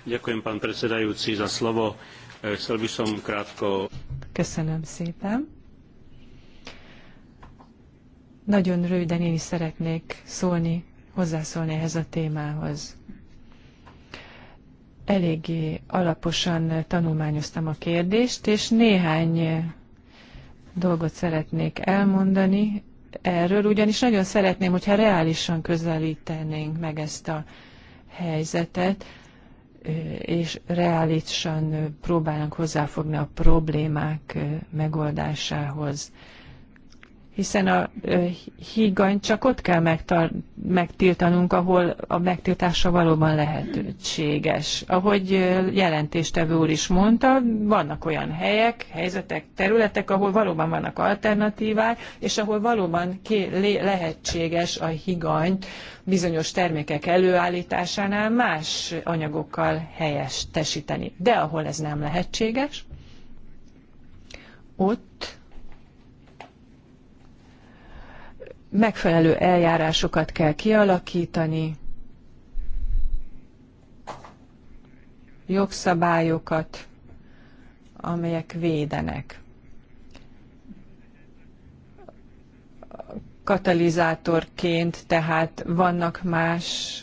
Ďakujem, pán predsedajúci, za slovo. E, chcel by som krátko... Köszönöm szépen. Nagyon röviden én is szeretnék szólni, hozzászólni ehhez a témához. Eléggé alaposan tanulmányoztam a kérdést, és néhány dolgot szeretnék elmondani erről, ugyanis nagyon szeretném, hogyha reálisan közelítenénk meg ezt a helyzetet, és reálisan próbálnak hozzáfogni a problémák megoldásához hiszen a hígany csak ott kell megtar- megtiltanunk, ahol a megtiltása valóban lehetséges. Ahogy jelentéstevő úr is mondta, vannak olyan helyek, helyzetek, területek, ahol valóban vannak alternatívák, és ahol valóban lehetséges a higanyt bizonyos termékek előállításánál más anyagokkal helyestesíteni. De ahol ez nem lehetséges, ott megfelelő eljárásokat kell kialakítani, jogszabályokat, amelyek védenek. Katalizátorként tehát vannak más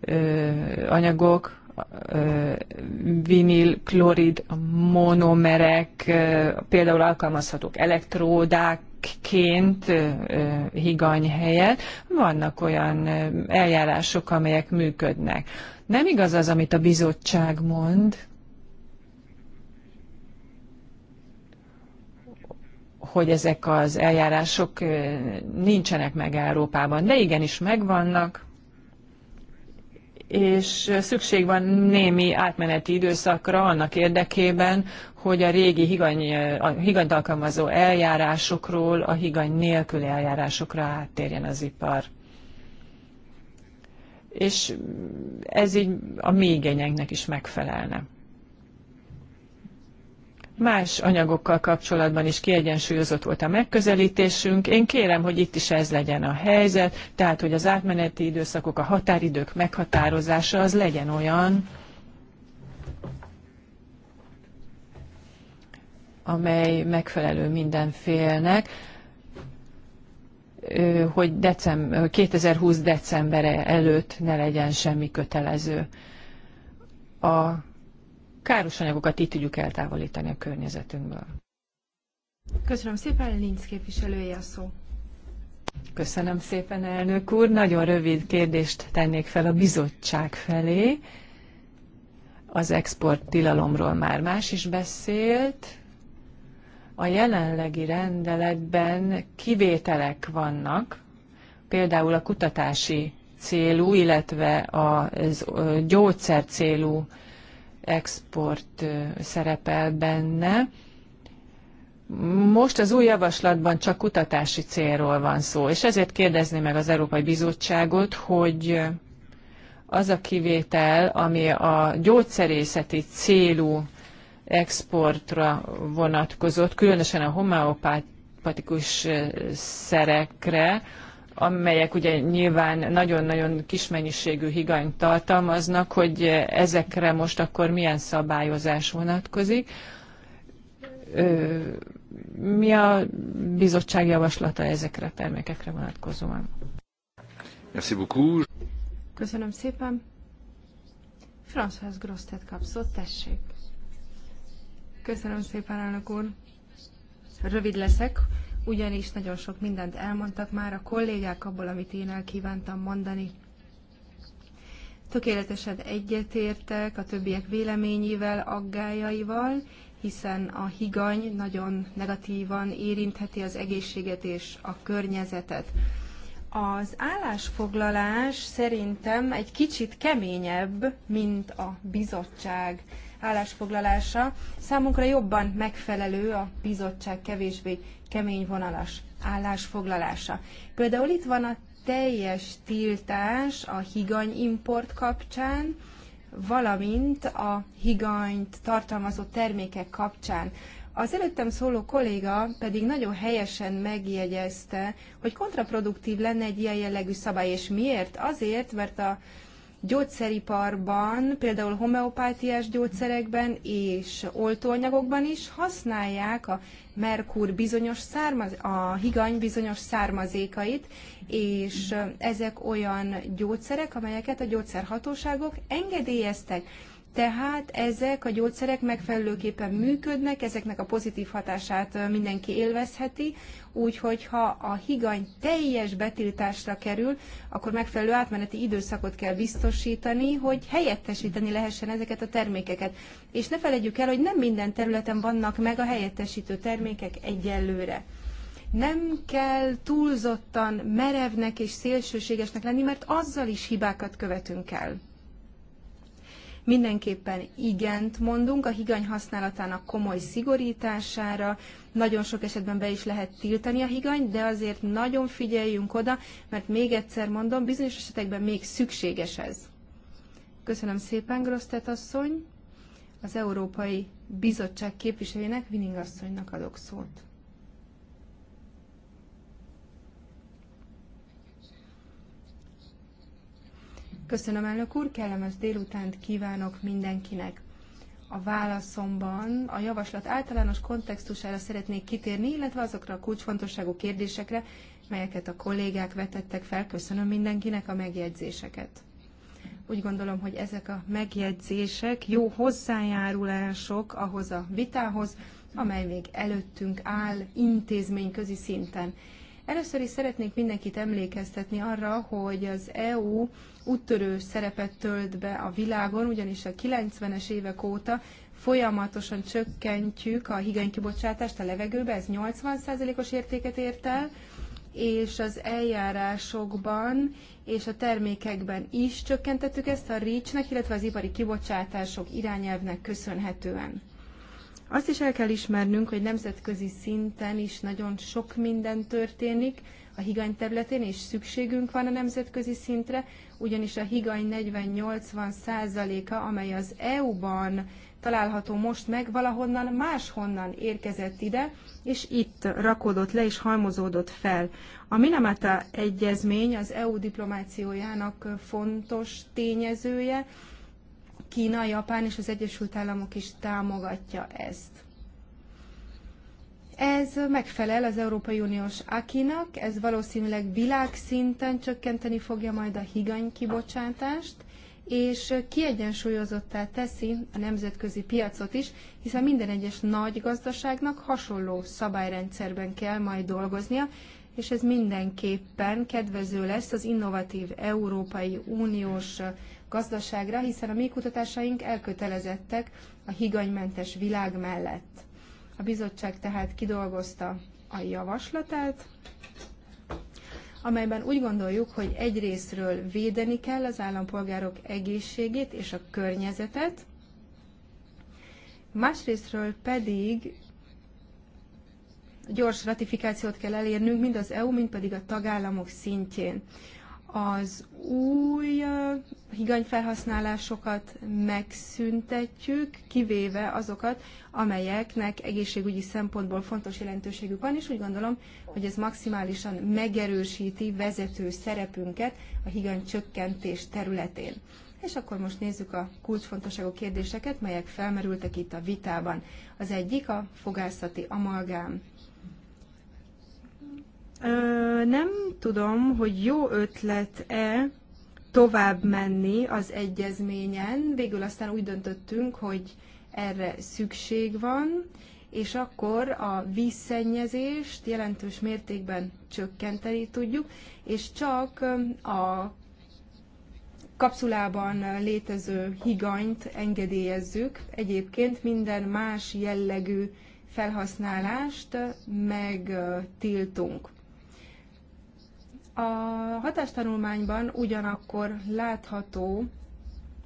ö, anyagok, vinilklorid monomerek például alkalmazhatók elektródákként higany helyett. Vannak olyan eljárások, amelyek működnek. Nem igaz az, amit a bizottság mond, hogy ezek az eljárások nincsenek meg Európában, de igenis megvannak és szükség van némi átmeneti időszakra annak érdekében, hogy a régi higany, a alkalmazó eljárásokról a higany nélküli eljárásokra áttérjen az ipar. És ez így a mi igényeinknek is megfelelne más anyagokkal kapcsolatban is kiegyensúlyozott volt a megközelítésünk. Én kérem, hogy itt is ez legyen a helyzet, tehát hogy az átmeneti időszakok, a határidők meghatározása az legyen olyan, amely megfelelő mindenfélnek, hogy december, 2020 decembere előtt ne legyen semmi kötelező. A káros anyagokat így tudjuk eltávolítani a környezetünkből. Köszönöm szépen, Linz képviselője a szó. Köszönöm szépen, elnök úr. Nagyon rövid kérdést tennék fel a bizottság felé. Az export tilalomról már más is beszélt. A jelenlegi rendeletben kivételek vannak, például a kutatási célú, illetve a gyógyszer célú export szerepel benne. Most az új javaslatban csak kutatási célról van szó, és ezért kérdezni meg az Európai Bizottságot, hogy az a kivétel, ami a gyógyszerészeti célú exportra vonatkozott, különösen a homeopatikus szerekre, amelyek ugye nyilván nagyon-nagyon kis mennyiségű higanyt tartalmaznak, hogy ezekre most akkor milyen szabályozás vonatkozik. Mi a bizottság javaslata ezekre a termékekre vonatkozóan? Merci beaucoup. Köszönöm szépen. François Grosztet kapszott, tessék. Köszönöm szépen, elnök úr. Rövid leszek ugyanis nagyon sok mindent elmondtak már a kollégák abból, amit én el kívántam mondani. Tökéletesen egyetértek a többiek véleményével, aggájaival, hiszen a higany nagyon negatívan érintheti az egészséget és a környezetet. Az állásfoglalás szerintem egy kicsit keményebb, mint a bizottság állásfoglalása számunkra jobban megfelelő a bizottság kevésbé kemény vonalas állásfoglalása. Például itt van a teljes tiltás a higany import kapcsán, valamint a higanyt tartalmazó termékek kapcsán. Az előttem szóló kolléga pedig nagyon helyesen megjegyezte, hogy kontraproduktív lenne egy ilyen jellegű szabály, és miért? Azért, mert a gyógyszeriparban, például homeopátiás gyógyszerekben és oltóanyagokban is használják a merkur bizonyos származ, a higany bizonyos származékait, és ezek olyan gyógyszerek, amelyeket a gyógyszerhatóságok engedélyeztek. Tehát ezek a gyógyszerek megfelelőképpen működnek, ezeknek a pozitív hatását mindenki élvezheti, úgyhogy ha a higany teljes betiltásra kerül, akkor megfelelő átmeneti időszakot kell biztosítani, hogy helyettesíteni lehessen ezeket a termékeket. És ne felejtjük el, hogy nem minden területen vannak meg a helyettesítő termékek egyelőre nem kell túlzottan merevnek és szélsőségesnek lenni, mert azzal is hibákat követünk el. Mindenképpen igent mondunk a higany használatának komoly szigorítására, nagyon sok esetben be is lehet tiltani a higany, de azért nagyon figyeljünk oda, mert még egyszer mondom, bizonyos esetekben még szükséges ez. Köszönöm szépen, Grosztet asszony! Az Európai Bizottság képviselőjének, Winning asszonynak adok szót. Köszönöm, elnök úr, kellemes délutánt kívánok mindenkinek. A válaszomban a javaslat általános kontextusára szeretnék kitérni, illetve azokra a kulcsfontosságú kérdésekre, melyeket a kollégák vetettek fel. Köszönöm mindenkinek a megjegyzéseket. Úgy gondolom, hogy ezek a megjegyzések jó hozzájárulások ahhoz a vitához, amely még előttünk áll intézményközi szinten. Először is szeretnék mindenkit emlékeztetni arra, hogy az EU úttörő szerepet tölt be a világon, ugyanis a 90-es évek óta folyamatosan csökkentjük a higanykibocsátást a levegőbe, ez 80%-os értéket ért el, és az eljárásokban és a termékekben is csökkentettük ezt a REACH-nek, illetve az ipari kibocsátások irányelvnek köszönhetően. Azt is el kell ismernünk, hogy nemzetközi szinten is nagyon sok minden történik a higany területén, és szükségünk van a nemzetközi szintre, ugyanis a higany 40-80%-a, amely az EU-ban található most meg, valahonnan máshonnan érkezett ide, és itt rakódott le és halmozódott fel. A Minamata egyezmény az EU diplomációjának fontos tényezője, Kína, Japán és az Egyesült Államok is támogatja ezt. Ez megfelel az Európai Uniós akinak, ez valószínűleg világszinten csökkenteni fogja majd a higany kibocsátást, és kiegyensúlyozottá teszi a nemzetközi piacot is, hiszen minden egyes nagy gazdaságnak hasonló szabályrendszerben kell majd dolgoznia, és ez mindenképpen kedvező lesz az innovatív Európai Uniós gazdaságra, hiszen a mi kutatásaink elkötelezettek a higanymentes világ mellett. A bizottság tehát kidolgozta a javaslatát, amelyben úgy gondoljuk, hogy egyrésztről védeni kell az állampolgárok egészségét és a környezetet, másrésztről pedig gyors ratifikációt kell elérnünk, mind az EU, mind pedig a tagállamok szintjén az új higanyfelhasználásokat megszüntetjük, kivéve azokat, amelyeknek egészségügyi szempontból fontos jelentőségük van, és úgy gondolom, hogy ez maximálisan megerősíti vezető szerepünket a higany csökkentés területén. És akkor most nézzük a kulcsfontosságú kérdéseket, melyek felmerültek itt a vitában. Az egyik a fogászati amalgám Ö, nem tudom, hogy jó ötlet-e tovább menni az egyezményen. Végül aztán úgy döntöttünk, hogy erre szükség van, és akkor a vízszennyezést jelentős mértékben csökkenteni tudjuk, és csak a kapszulában létező higanyt engedélyezzük. Egyébként minden más jellegű felhasználást megtiltunk. A hatástanulmányban ugyanakkor látható,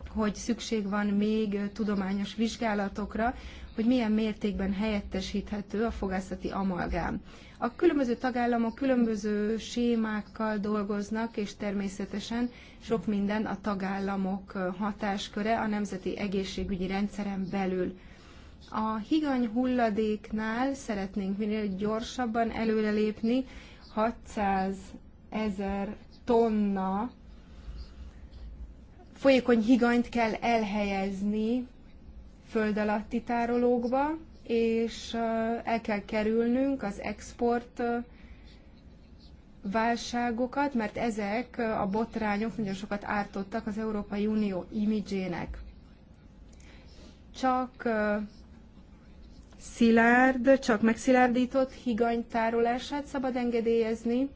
hogy szükség van még tudományos vizsgálatokra, hogy milyen mértékben helyettesíthető a fogászati amalgám. A különböző tagállamok különböző sémákkal dolgoznak, és természetesen sok minden a tagállamok hatásköre a nemzeti egészségügyi rendszeren belül. A higany hulladéknál szeretnénk minél gyorsabban előrelépni, 600 ezer tonna folyékony higanyt kell elhelyezni föld alatti tárolókba, és el kell kerülnünk az export válságokat, mert ezek a botrányok nagyon sokat ártottak az Európai Unió imidzsének. Csak szilárd, csak megszilárdított higany tárolását szabad engedélyezni,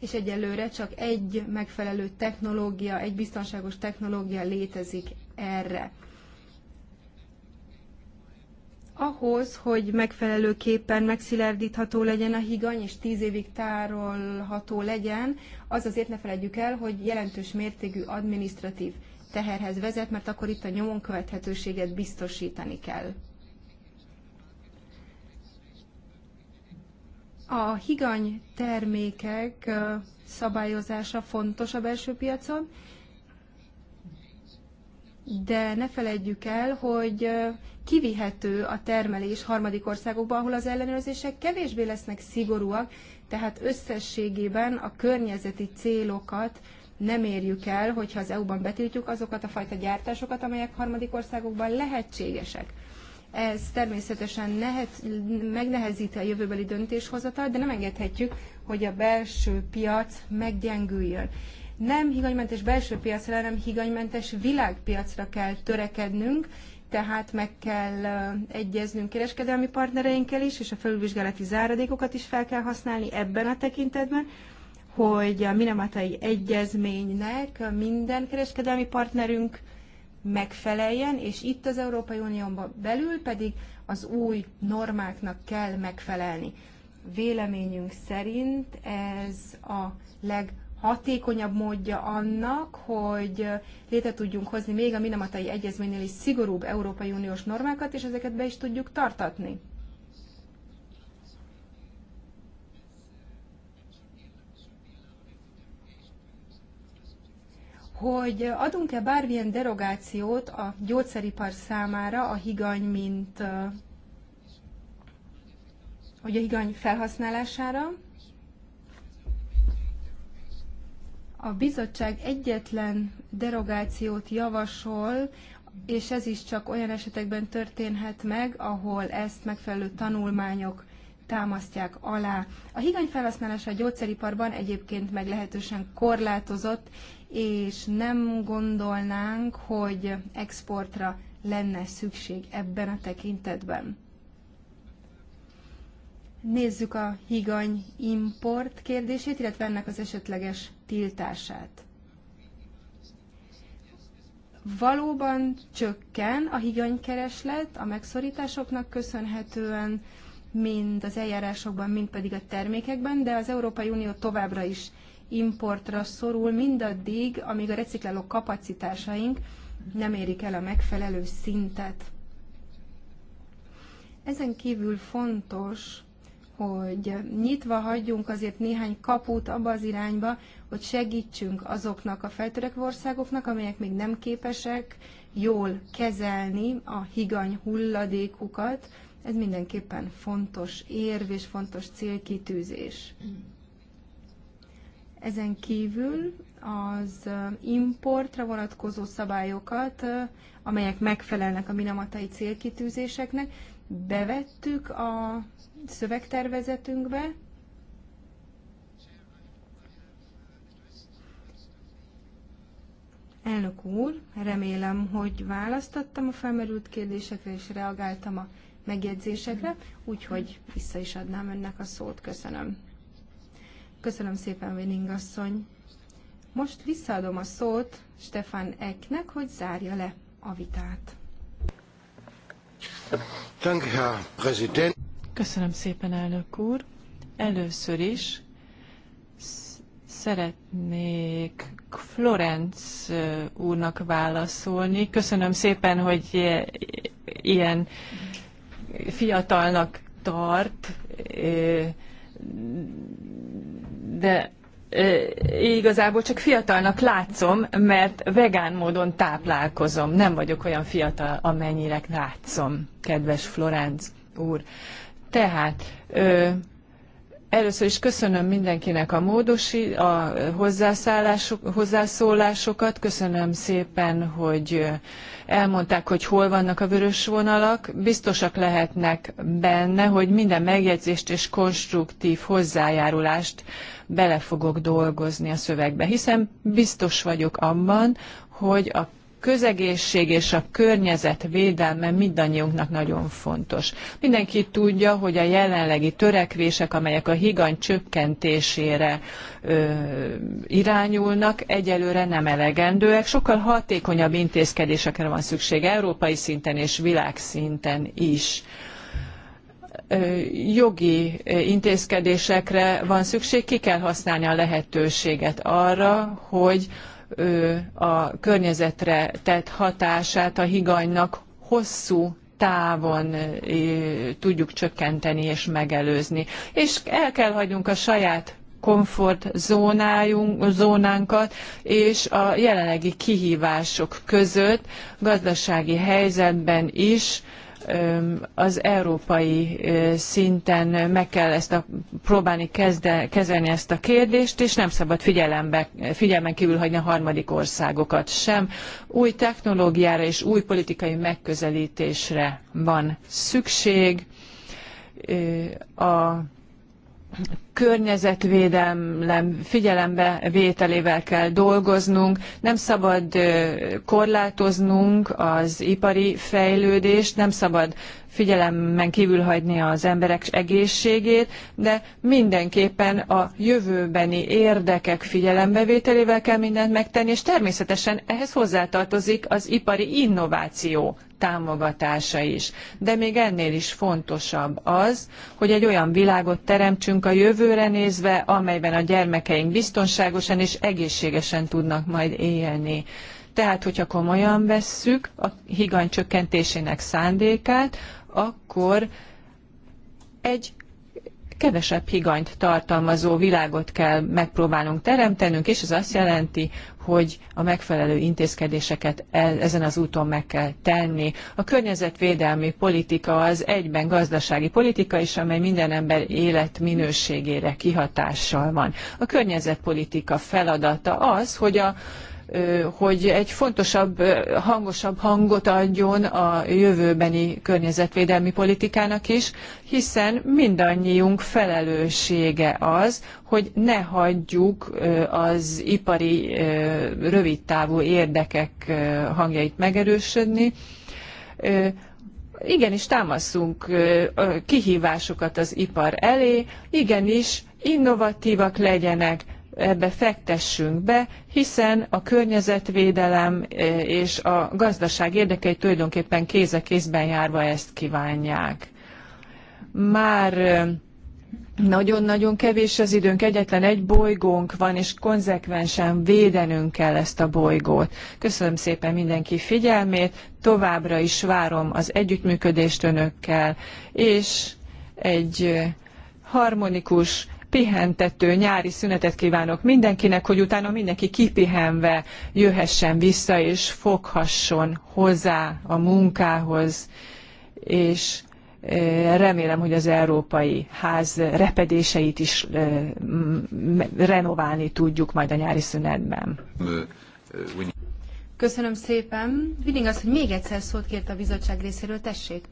és egyelőre csak egy megfelelő technológia, egy biztonságos technológia létezik erre. Ahhoz, hogy megfelelőképpen megszilárdítható legyen a higany, és tíz évig tárolható legyen, az azért ne felejtjük el, hogy jelentős mértékű administratív teherhez vezet, mert akkor itt a nyomon követhetőséget biztosítani kell. A higany termékek szabályozása fontos a belső piacon, de ne feledjük el, hogy kivihető a termelés harmadik országokba, ahol az ellenőrzések kevésbé lesznek szigorúak, tehát összességében a környezeti célokat nem érjük el, hogyha az EU-ban betiltjuk azokat a fajta gyártásokat, amelyek harmadik országokban lehetségesek. Ez természetesen nehet, megnehezíti a jövőbeli döntéshozatal, de nem engedhetjük, hogy a belső piac meggyengüljön. Nem higanymentes belső piacra, hanem higanymentes világpiacra kell törekednünk, tehát meg kell egyeznünk kereskedelmi partnereinkkel is, és a felülvizsgálati záradékokat is fel kell használni ebben a tekintetben, hogy a Minamatai Egyezménynek minden kereskedelmi partnerünk megfeleljen, és itt az Európai Unión belül pedig az új normáknak kell megfelelni. Véleményünk szerint ez a leghatékonyabb módja annak, hogy létre tudjunk hozni még a Minamatai Egyezménynél is szigorúbb Európai Uniós normákat, és ezeket be is tudjuk tartatni. hogy adunk-e bármilyen derogációt a gyógyszeripar számára a higany, mint hogy a higany felhasználására. A bizottság egyetlen derogációt javasol, és ez is csak olyan esetekben történhet meg, ahol ezt megfelelő tanulmányok támasztják alá. A higany felhasználása a gyógyszeriparban egyébként meglehetősen korlátozott, és nem gondolnánk, hogy exportra lenne szükség ebben a tekintetben. Nézzük a higany import kérdését, illetve ennek az esetleges tiltását. Valóban csökken a higanykereslet a megszorításoknak köszönhetően, mind az eljárásokban, mind pedig a termékekben, de az Európai Unió továbbra is importra szorul mindaddig, amíg a recikláló kapacitásaink nem érik el a megfelelő szintet. Ezen kívül fontos, hogy nyitva hagyjunk azért néhány kaput abba az irányba, hogy segítsünk azoknak a feltörekvő országoknak, amelyek még nem képesek jól kezelni a higany hulladékukat. Ez mindenképpen fontos érv és fontos célkitűzés. Mm. Ezen kívül az importra vonatkozó szabályokat, amelyek megfelelnek a minamatai célkitűzéseknek, bevettük a szövegtervezetünkbe, Elnök úr, remélem, hogy választottam a felmerült kérdésekre, és reagáltam a megjegyzésekre, úgyhogy vissza is adnám önnek a szót. Köszönöm. Köszönöm szépen, Winning asszony. Most visszaadom a szót Stefan Ecknek, hogy zárja le a vitát. Köszönöm szépen, elnök úr. Először is szeretnék Florenc úrnak válaszolni. Köszönöm szépen, hogy ilyen fiatalnak tart de igazából csak fiatalnak látszom, mert vegán módon táplálkozom. Nem vagyok olyan fiatal, amennyire látszom, kedves Florenc úr. Tehát Először is köszönöm mindenkinek a módosi, a hozzászólásokat, köszönöm szépen, hogy elmondták, hogy hol vannak a vörös vonalak. Biztosak lehetnek benne, hogy minden megjegyzést és konstruktív hozzájárulást bele fogok dolgozni a szövegbe, hiszen biztos vagyok abban, hogy a közegészség és a környezet védelme mindannyiunknak nagyon fontos. Mindenki tudja, hogy a jelenlegi törekvések, amelyek a higany csökkentésére ö, irányulnak, egyelőre nem elegendőek. Sokkal hatékonyabb intézkedésekre van szükség európai szinten és világszinten is jogi intézkedésekre van szükség, ki kell használni a lehetőséget arra, hogy a környezetre tett hatását a higanynak hosszú távon tudjuk csökkenteni és megelőzni. És el kell hagynunk a saját zónánkat és a jelenlegi kihívások között gazdasági helyzetben is az európai szinten meg kell ezt a, próbálni kezde, kezelni ezt a kérdést, és nem szabad figyelembe, figyelmen kívül hagyni a harmadik országokat sem. Új technológiára és új politikai megközelítésre van szükség. A környezetvédelem figyelembe vételével kell dolgoznunk, nem szabad korlátoznunk az ipari fejlődést, nem szabad figyelemmen kívül hagyni az emberek egészségét, de mindenképpen a jövőbeni érdekek figyelembevételével kell mindent megtenni, és természetesen ehhez hozzátartozik az ipari innováció támogatása is. De még ennél is fontosabb az, hogy egy olyan világot teremtsünk a jövő, jövőre nézve, amelyben a gyermekeink biztonságosan és egészségesen tudnak majd élni. Tehát, hogyha komolyan vesszük a higany csökkentésének szándékát, akkor egy kevesebb higanyt tartalmazó világot kell megpróbálnunk teremtenünk, és ez azt jelenti, hogy a megfelelő intézkedéseket ezen az úton meg kell tenni. A környezetvédelmi politika az egyben gazdasági politika is, amely minden ember életminőségére kihatással van. A környezetpolitika feladata az, hogy a hogy egy fontosabb, hangosabb hangot adjon a jövőbeni környezetvédelmi politikának is, hiszen mindannyiunk felelőssége az, hogy ne hagyjuk az ipari rövidtávú érdekek hangjait megerősödni, igenis támaszunk kihívásokat az ipar elé, igenis innovatívak legyenek, ebbe fektessünk be, hiszen a környezetvédelem e, és a gazdaság érdekei tulajdonképpen kéz a kézben járva ezt kívánják. Már e, nagyon-nagyon kevés az időnk, egyetlen egy bolygónk van, és konzekvensen védenünk kell ezt a bolygót. Köszönöm szépen mindenki figyelmét, továbbra is várom az együttműködést önökkel, és egy e, harmonikus, pihentető nyári szünetet kívánok mindenkinek, hogy utána mindenki kipihenve jöhessen vissza és foghasson hozzá a munkához, és e, remélem, hogy az európai ház repedéseit is e, renoválni tudjuk majd a nyári szünetben. Köszönöm szépen. Viding az, hogy még egyszer szót kért a bizottság részéről, tessék.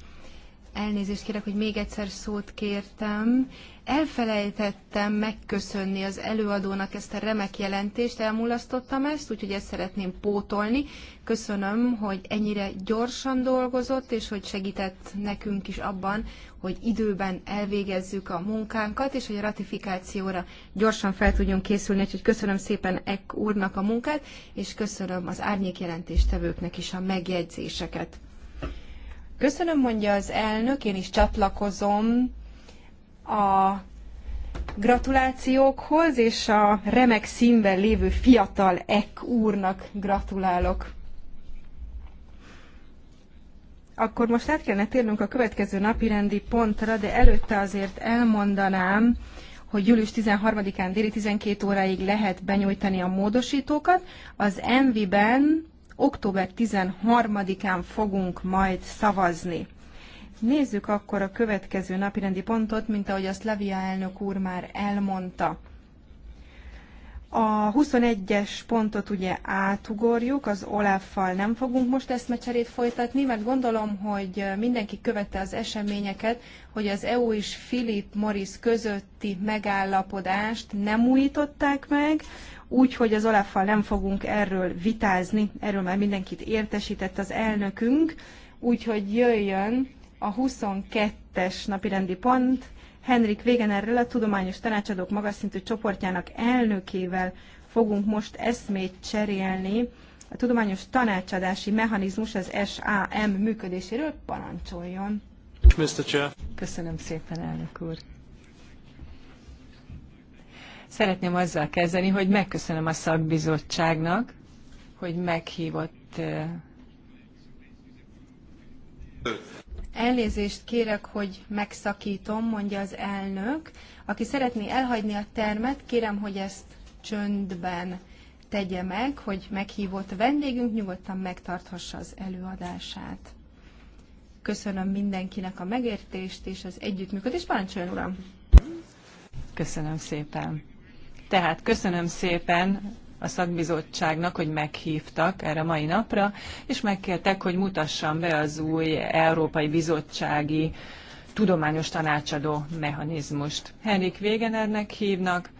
Elnézést kérek, hogy még egyszer szót kértem. Elfelejtettem megköszönni az előadónak ezt a remek jelentést, elmulasztottam ezt, úgyhogy ezt szeretném pótolni. Köszönöm, hogy ennyire gyorsan dolgozott, és hogy segített nekünk is abban, hogy időben elvégezzük a munkánkat, és hogy a ratifikációra gyorsan fel tudjunk készülni. Úgyhogy köszönöm szépen Ek úrnak a munkát, és köszönöm az árnyék jelentéstevőknek is a megjegyzéseket. Köszönöm, mondja az elnök, én is csatlakozom a gratulációkhoz, és a remek színben lévő fiatal Ek úrnak gratulálok. Akkor most át kellene térnünk a következő napi rendi pontra, de előtte azért elmondanám, hogy július 13-án déli 12 óráig lehet benyújtani a módosítókat. Az Envi-ben október 13-án fogunk majd szavazni. Nézzük akkor a következő napirendi pontot, mint ahogy azt Levia elnök úr már elmondta. A 21-es pontot ugye átugorjuk, az Olaffal nem fogunk most eszmecserét folytatni, mert gondolom, hogy mindenki követte az eseményeket, hogy az EU és Philip Morris közötti megállapodást nem újították meg, úgyhogy az olaf nem fogunk erről vitázni, erről már mindenkit értesített az elnökünk, úgyhogy jöjjön a 22-es napirendi pont, Henrik Végenerrel a Tudományos Tanácsadók magas szintű csoportjának elnökével fogunk most eszmét cserélni a Tudományos Tanácsadási Mechanizmus, az SAM működéséről parancsoljon. Köszönöm szépen, elnök úr. Szeretném azzal kezdeni, hogy megköszönöm a szakbizottságnak, hogy meghívott. Elnézést kérek, hogy megszakítom, mondja az elnök. Aki szeretné elhagyni a termet, kérem, hogy ezt csöndben tegye meg, hogy meghívott vendégünk nyugodtan megtarthassa az előadását. Köszönöm mindenkinek a megértést és az együttműködést. Parancsoljon, uram! Köszönöm szépen! Tehát köszönöm szépen a szakbizottságnak, hogy meghívtak erre a mai napra, és megkértek, hogy mutassam be az új Európai Bizottsági Tudományos Tanácsadó Mechanizmust. Henrik Wegenernek hívnak,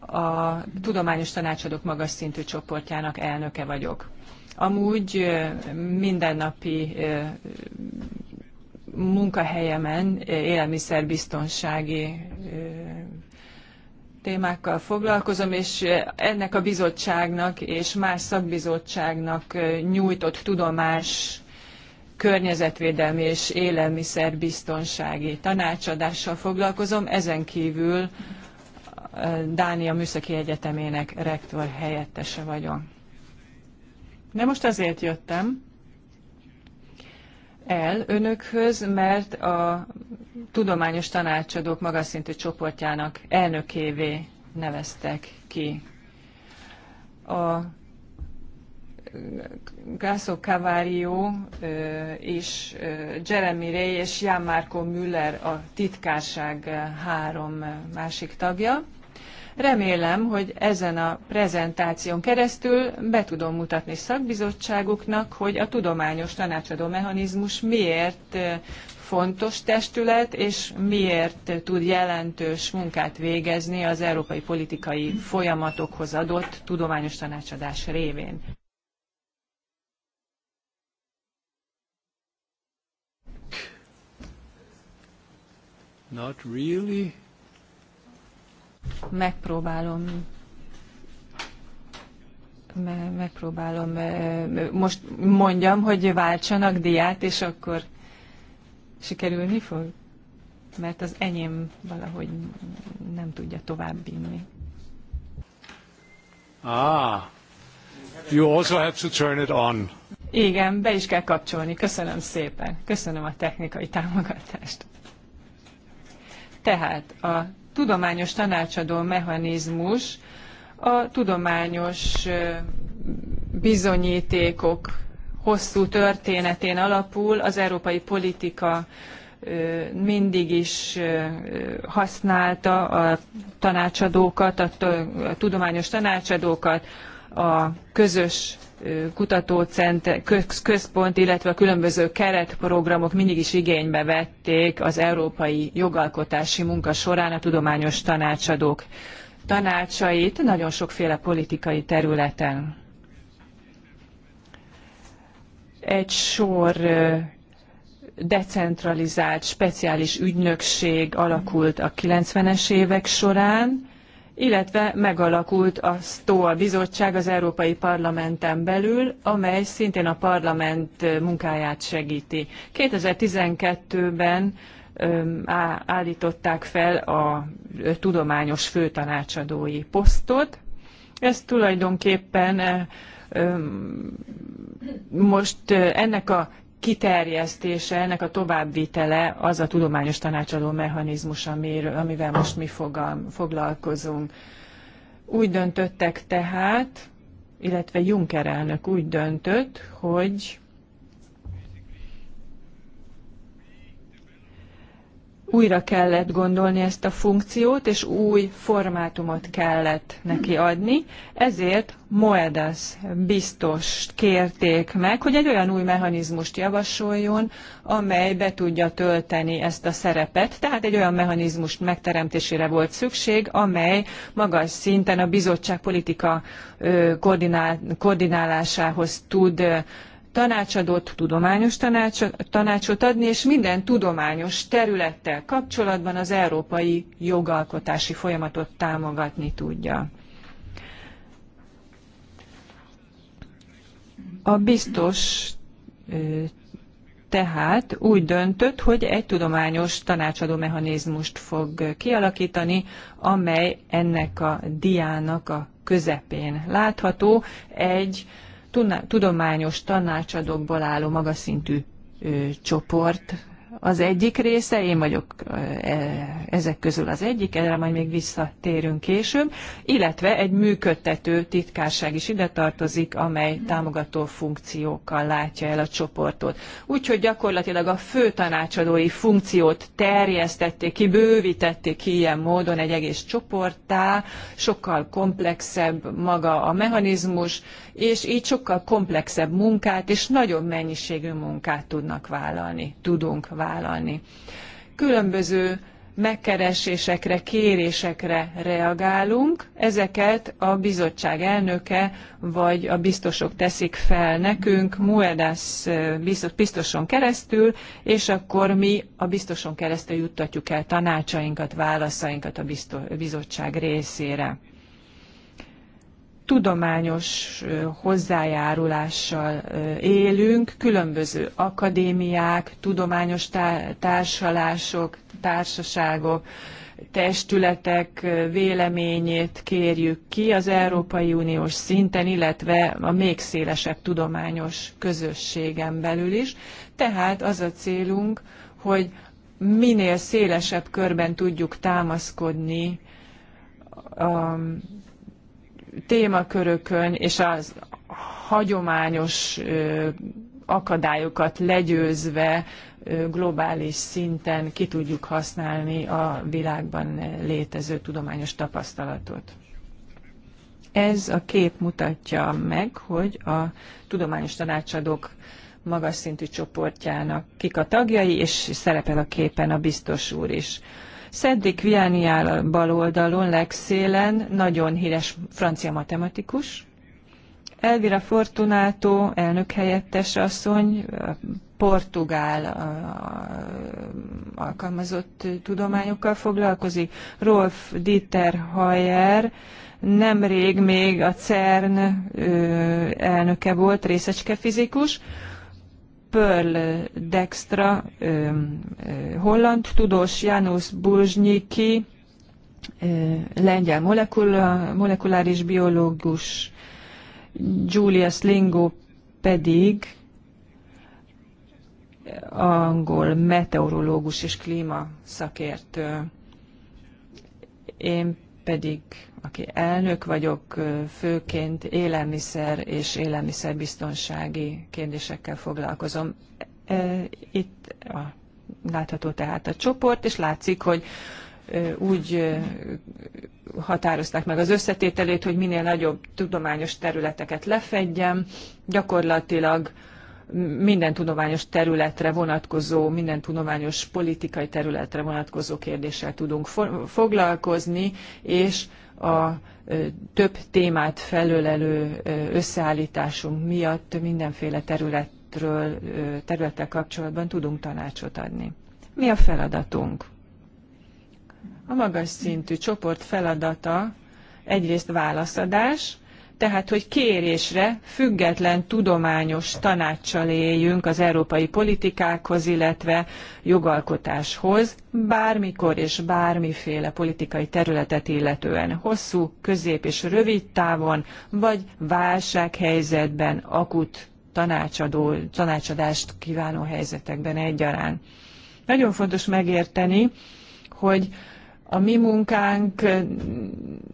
a Tudományos Tanácsadók magas szintű csoportjának elnöke vagyok. Amúgy mindennapi munkahelyemen élelmiszerbiztonsági témákkal foglalkozom, és ennek a bizottságnak és más szakbizottságnak nyújtott tudomás környezetvédelmi és élelmiszerbiztonsági tanácsadással foglalkozom, ezen kívül Dánia Műszaki Egyetemének rektor helyettese vagyok. De most azért jöttem el önökhöz, mert a tudományos tanácsadók magas szintű csoportjának elnökévé neveztek ki. A Gászó Cavário és Jeremy Ray és Jan Marco Müller a titkárság három másik tagja. Remélem, hogy ezen a prezentáción keresztül be tudom mutatni szakbizottságuknak, hogy a tudományos tanácsadó mechanizmus miért fontos testület, és miért tud jelentős munkát végezni az európai politikai folyamatokhoz adott tudományos tanácsadás révén. Not really. Megpróbálom megpróbálom eh, most mondjam, hogy váltsanak diát, és akkor sikerülni fog? Mert az enyém valahogy nem tudja tovább vinni. Ah, you also have to turn it on. Igen, be is kell kapcsolni. Köszönöm szépen. Köszönöm a technikai támogatást. Tehát a tudományos tanácsadó mechanizmus a tudományos bizonyítékok hosszú történetén alapul, az európai politika mindig is használta a tanácsadókat, a tudományos tanácsadókat, a közös kutatócenter, központ, illetve a különböző keretprogramok mindig is igénybe vették az európai jogalkotási munka során a tudományos tanácsadók tanácsait nagyon sokféle politikai területen egy sor decentralizált, speciális ügynökség alakult a 90-es évek során, illetve megalakult a STOA bizottság az Európai Parlamenten belül, amely szintén a parlament munkáját segíti. 2012-ben állították fel a tudományos főtanácsadói posztot. Ez tulajdonképpen most ennek a kiterjesztése, ennek a továbbvitele az a tudományos tanácsadó mechanizmus, amivel most mi foglalkozunk. Úgy döntöttek tehát, illetve Juncker elnök úgy döntött, hogy újra kellett gondolni ezt a funkciót, és új formátumot kellett neki adni. Ezért Moedas biztos kérték meg, hogy egy olyan új mechanizmust javasoljon, amely be tudja tölteni ezt a szerepet. Tehát egy olyan mechanizmus megteremtésére volt szükség, amely magas szinten a bizottság politika koordinál, koordinálásához tud tanácsadót, tudományos tanács, tanácsot adni, és minden tudományos területtel kapcsolatban az európai jogalkotási folyamatot támogatni tudja. A biztos tehát úgy döntött, hogy egy tudományos tanácsadó mechanizmust fog kialakítani, amely ennek a diának a közepén látható, egy tudományos tanácsadókból álló magaszintű csoport az egyik része, én vagyok e, ezek közül az egyik, erre majd még visszatérünk később, illetve egy működtető titkárság is ide tartozik, amely támogató funkciókkal látja el a csoportot. Úgyhogy gyakorlatilag a fő tanácsadói funkciót terjesztették ki, bővítették ki ilyen módon egy egész csoporttá, sokkal komplexebb maga a mechanizmus, és így sokkal komplexebb munkát és nagyobb mennyiségű munkát tudnak vállalni, tudunk vállalni vállalni. Különböző megkeresésekre, kérésekre reagálunk, ezeket a bizottság elnöke vagy a biztosok teszik fel nekünk, Muedas eh, biztoson keresztül, és akkor mi a biztoson keresztül juttatjuk el tanácsainkat, válaszainkat a bizottság részére tudományos hozzájárulással élünk, különböző akadémiák, tudományos társalások, társaságok, testületek véleményét kérjük ki az Európai Uniós szinten, illetve a még szélesebb tudományos közösségen belül is. Tehát az a célunk, hogy minél szélesebb körben tudjuk támaszkodni témakörökön és az hagyományos akadályokat legyőzve globális szinten ki tudjuk használni a világban létező tudományos tapasztalatot. Ez a kép mutatja meg, hogy a tudományos tanácsadók magas szintű csoportjának kik a tagjai, és szerepel a képen a biztos úr is. Szeddik Viani bal oldalon, legszélen, nagyon híres francia matematikus. Elvira Fortunato, elnök helyettes asszony, portugál alkalmazott tudományokkal foglalkozik. Rolf Dieter Hayer, nemrég még a CERN elnöke volt, részecskefizikus. fizikus Pearl Dextra, holland tudós Janusz Buzsnyiki, lengyel molekula, molekuláris biológus, Julia Slingo pedig angol meteorológus és klímaszakértő. Én pedig aki elnök vagyok, főként élelmiszer és élelmiszerbiztonsági kérdésekkel foglalkozom. Itt a, látható tehát a csoport, és látszik, hogy úgy határozták meg az összetételét, hogy minél nagyobb tudományos területeket lefedjem, gyakorlatilag minden tudományos területre vonatkozó, minden tudományos politikai területre vonatkozó kérdéssel tudunk foglalkozni, és a több témát felölelő összeállításunk miatt mindenféle területről, területtel kapcsolatban tudunk tanácsot adni. Mi a feladatunk? A magas szintű csoport feladata egyrészt válaszadás, tehát hogy kérésre független tudományos tanácssal éljünk az európai politikákhoz, illetve jogalkotáshoz, bármikor és bármiféle politikai területet illetően, hosszú, közép és rövid távon, vagy válsághelyzetben, akut tanácsadó, tanácsadást kívánó helyzetekben egyaránt. Nagyon fontos megérteni, hogy a mi munkánk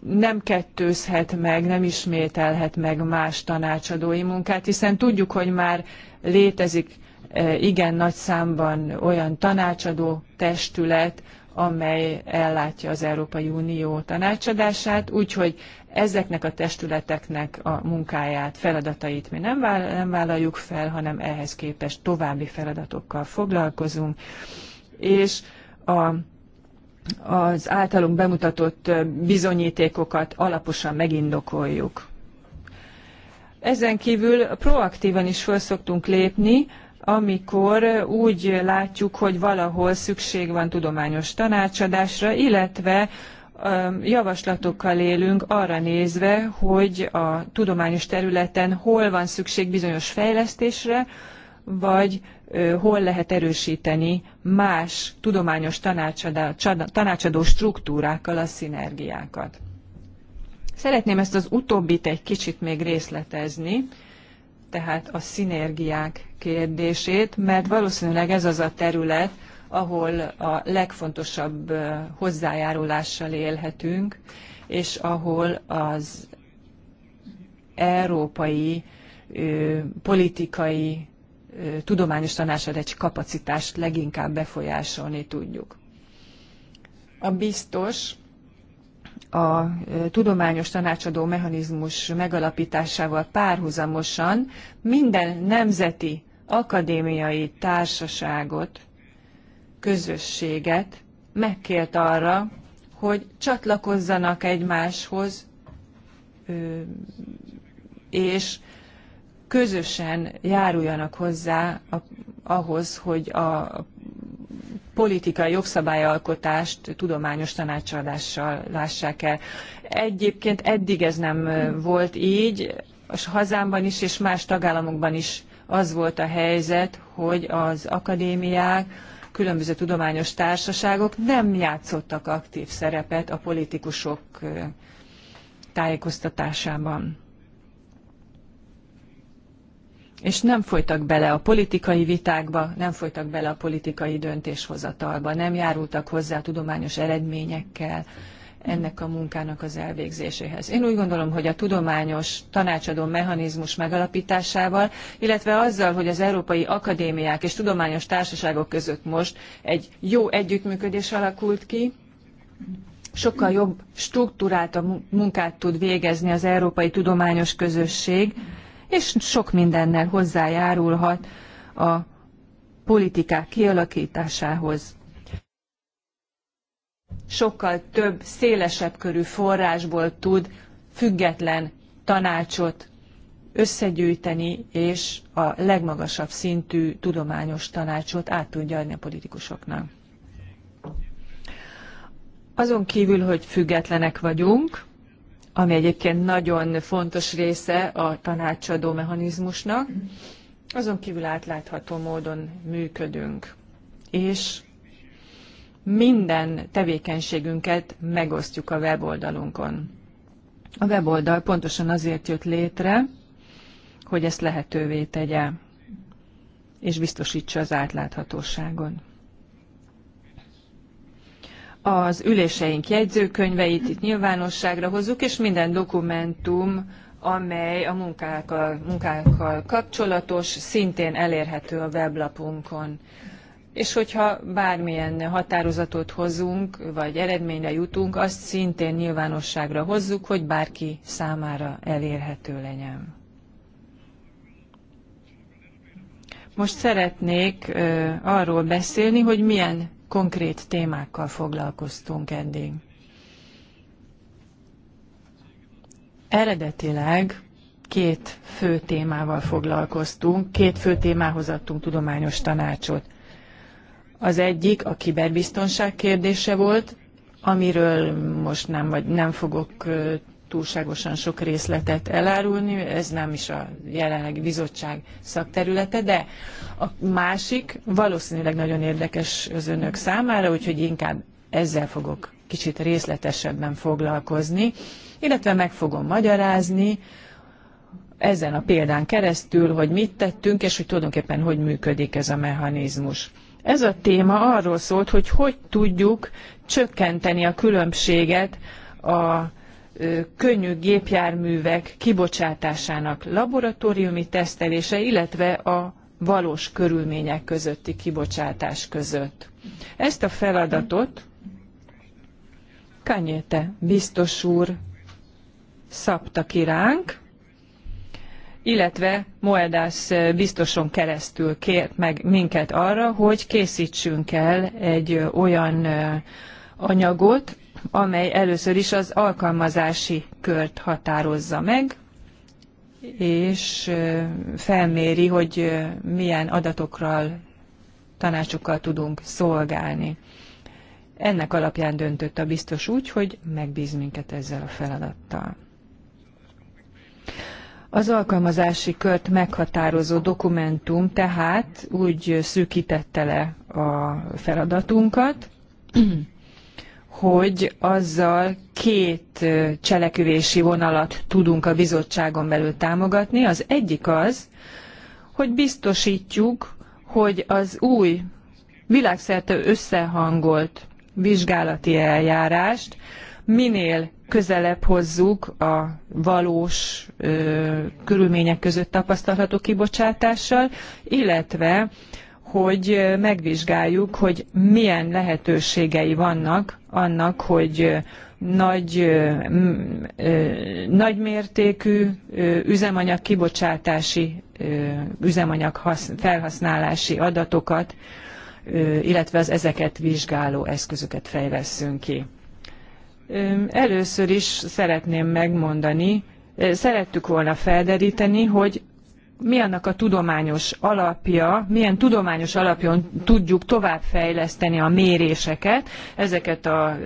nem kettőzhet meg, nem ismételhet meg más tanácsadói munkát, hiszen tudjuk, hogy már létezik e, igen nagy számban olyan tanácsadó testület, amely ellátja az Európai Unió tanácsadását, úgyhogy ezeknek a testületeknek a munkáját, feladatait mi nem, nem vállaljuk fel, hanem ehhez képest további feladatokkal foglalkozunk. És a az általunk bemutatott bizonyítékokat alaposan megindokoljuk. Ezen kívül proaktívan is föl szoktunk lépni, amikor úgy látjuk, hogy valahol szükség van tudományos tanácsadásra, illetve javaslatokkal élünk arra nézve, hogy a tudományos területen hol van szükség bizonyos fejlesztésre, vagy hol lehet erősíteni más tudományos tanácsadó struktúrákkal a szinergiákat. Szeretném ezt az utóbbit egy kicsit még részletezni, tehát a szinergiák kérdését, mert valószínűleg ez az a terület, ahol a legfontosabb hozzájárulással élhetünk, és ahol az európai politikai tudományos tanácsadási kapacitást leginkább befolyásolni tudjuk. A biztos a tudományos tanácsadó mechanizmus megalapításával párhuzamosan minden nemzeti akadémiai társaságot, közösséget megkért arra, hogy csatlakozzanak egymáshoz, és közösen járuljanak hozzá a, ahhoz, hogy a politikai jogszabályalkotást tudományos tanácsadással lássák el. Egyébként eddig ez nem volt így, és hazámban is és más tagállamokban is az volt a helyzet, hogy az akadémiák, különböző tudományos társaságok nem játszottak aktív szerepet a politikusok tájékoztatásában és nem folytak bele a politikai vitákba, nem folytak bele a politikai döntéshozatalba, nem járultak hozzá a tudományos eredményekkel ennek a munkának az elvégzéséhez. Én úgy gondolom, hogy a tudományos tanácsadó mechanizmus megalapításával, illetve azzal, hogy az európai akadémiák és tudományos társaságok között most egy jó együttműködés alakult ki, sokkal jobb struktúrát a munkát tud végezni az európai tudományos közösség, és sok mindennel hozzájárulhat a politikák kialakításához. Sokkal több, szélesebb körű forrásból tud független tanácsot összegyűjteni, és a legmagasabb szintű tudományos tanácsot át tudja adni a politikusoknak. Azon kívül, hogy függetlenek vagyunk, ami egyébként nagyon fontos része a tanácsadó mechanizmusnak. Azon kívül átlátható módon működünk, és minden tevékenységünket megosztjuk a weboldalunkon. A weboldal pontosan azért jött létre, hogy ezt lehetővé tegye, és biztosítsa az átláthatóságon az üléseink jegyzőkönyveit itt nyilvánosságra hozzuk, és minden dokumentum, amely a munkákkal, munkákkal kapcsolatos, szintén elérhető a weblapunkon. És hogyha bármilyen határozatot hozunk, vagy eredményre jutunk, azt szintén nyilvánosságra hozzuk, hogy bárki számára elérhető legyen. Most szeretnék arról beszélni, hogy milyen konkrét témákkal foglalkoztunk eddig. Eredetileg két fő témával foglalkoztunk, két fő témához adtunk tudományos tanácsot. Az egyik a kiberbiztonság kérdése volt, amiről most nem, vagy nem fogok túlságosan sok részletet elárulni, ez nem is a jelenlegi bizottság szakterülete, de a másik valószínűleg nagyon érdekes az önök számára, úgyhogy inkább ezzel fogok kicsit részletesebben foglalkozni, illetve meg fogom magyarázni ezen a példán keresztül, hogy mit tettünk, és hogy tulajdonképpen hogy működik ez a mechanizmus. Ez a téma arról szólt, hogy hogy tudjuk csökkenteni a különbséget a könnyű gépjárművek kibocsátásának laboratóriumi tesztelése, illetve a valós körülmények közötti kibocsátás között. Ezt a feladatot kanyete, biztos úr szabta ki ránk, illetve Moedász biztoson keresztül kért meg minket arra, hogy készítsünk el egy olyan anyagot, amely először is az alkalmazási kört határozza meg, és felméri, hogy milyen adatokról, tanácsokkal tudunk szolgálni. Ennek alapján döntött a biztos úgy, hogy megbíz minket ezzel a feladattal. Az alkalmazási kört meghatározó dokumentum tehát úgy szűkítette le a feladatunkat, hogy azzal két cselekvési vonalat tudunk a bizottságon belül támogatni. Az egyik az, hogy biztosítjuk, hogy az új világszerte összehangolt vizsgálati eljárást minél közelebb hozzuk a valós ö, körülmények között tapasztalható kibocsátással, illetve hogy megvizsgáljuk, hogy milyen lehetőségei vannak annak, hogy nagy, nagymértékű üzemanyag kibocsátási, üzemanyag felhasználási adatokat, illetve az ezeket vizsgáló eszközöket fejlesszünk ki. Először is szeretném megmondani, szerettük volna felderíteni, hogy mi annak a tudományos alapja, milyen tudományos alapjon tudjuk továbbfejleszteni a méréseket, ezeket a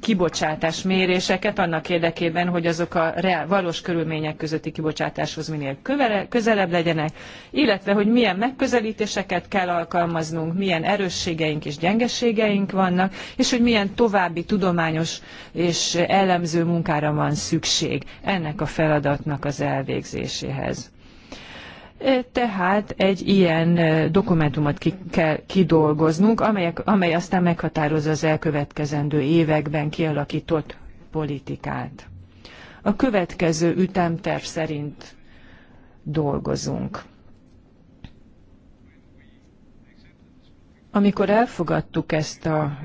kibocsátás méréseket annak érdekében, hogy azok a reál, valós körülmények közötti kibocsátáshoz minél közelebb legyenek, illetve hogy milyen megközelítéseket kell alkalmaznunk, milyen erősségeink és gyengeségeink vannak, és hogy milyen további tudományos és elemző munkára van szükség ennek a feladatnak az elvégzéséhez tehát egy ilyen dokumentumot ki kell kidolgoznunk, amelyek, amely aztán meghatározza az elkövetkezendő években kialakított politikát. A következő ütemterv szerint dolgozunk. Amikor elfogadtuk ezt a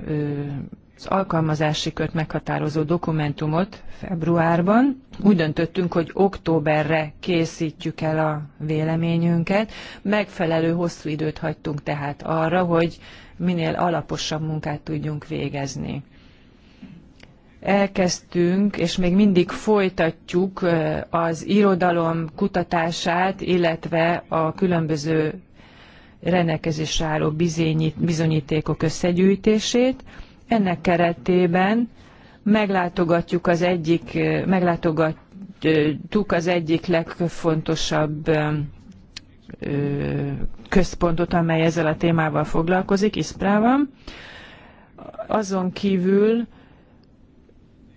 az alkalmazási kört meghatározó dokumentumot februárban. Úgy döntöttünk, hogy októberre készítjük el a véleményünket. Megfelelő hosszú időt hagytunk tehát arra, hogy minél alaposabb munkát tudjunk végezni elkezdtünk, és még mindig folytatjuk az irodalom kutatását, illetve a különböző rendelkezésre álló bizonyítékok összegyűjtését. Ennek keretében meglátogatjuk az egyik, meglátogatjuk az egyik legfontosabb központot, amely ezzel a témával foglalkozik, Iszprában. Azon kívül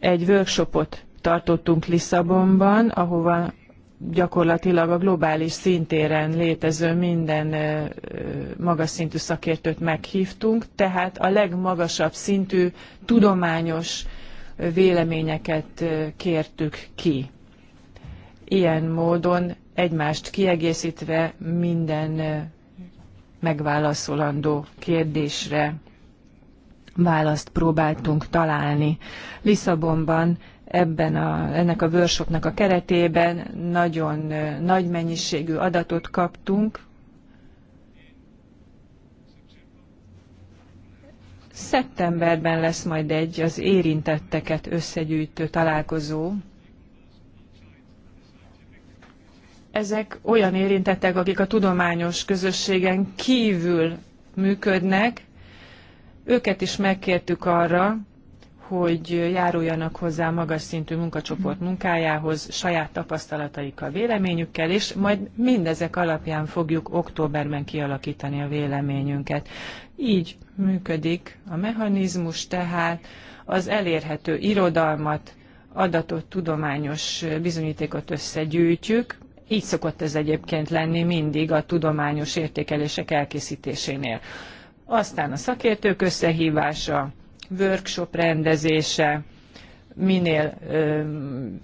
egy workshopot tartottunk Lisszabonban, ahova gyakorlatilag a globális szintéren létező minden magas szintű szakértőt meghívtunk, tehát a legmagasabb szintű tudományos véleményeket kértük ki. Ilyen módon egymást kiegészítve minden megválaszolandó kérdésre választ próbáltunk találni. Lisszabonban ebben a, ennek a workshopnak a keretében nagyon nagy mennyiségű adatot kaptunk. Szeptemberben lesz majd egy az érintetteket összegyűjtő találkozó, ezek olyan érintettek, akik a tudományos közösségen kívül működnek. Őket is megkértük arra, hogy járuljanak hozzá magas szintű munkacsoport munkájához saját tapasztalataikkal, véleményükkel, és majd mindezek alapján fogjuk októberben kialakítani a véleményünket. Így működik a mechanizmus, tehát az elérhető irodalmat, adatot, tudományos bizonyítékot összegyűjtjük, így szokott ez egyébként lenni mindig a tudományos értékelések elkészítésénél. Aztán a szakértők összehívása, workshop rendezése, minél ö,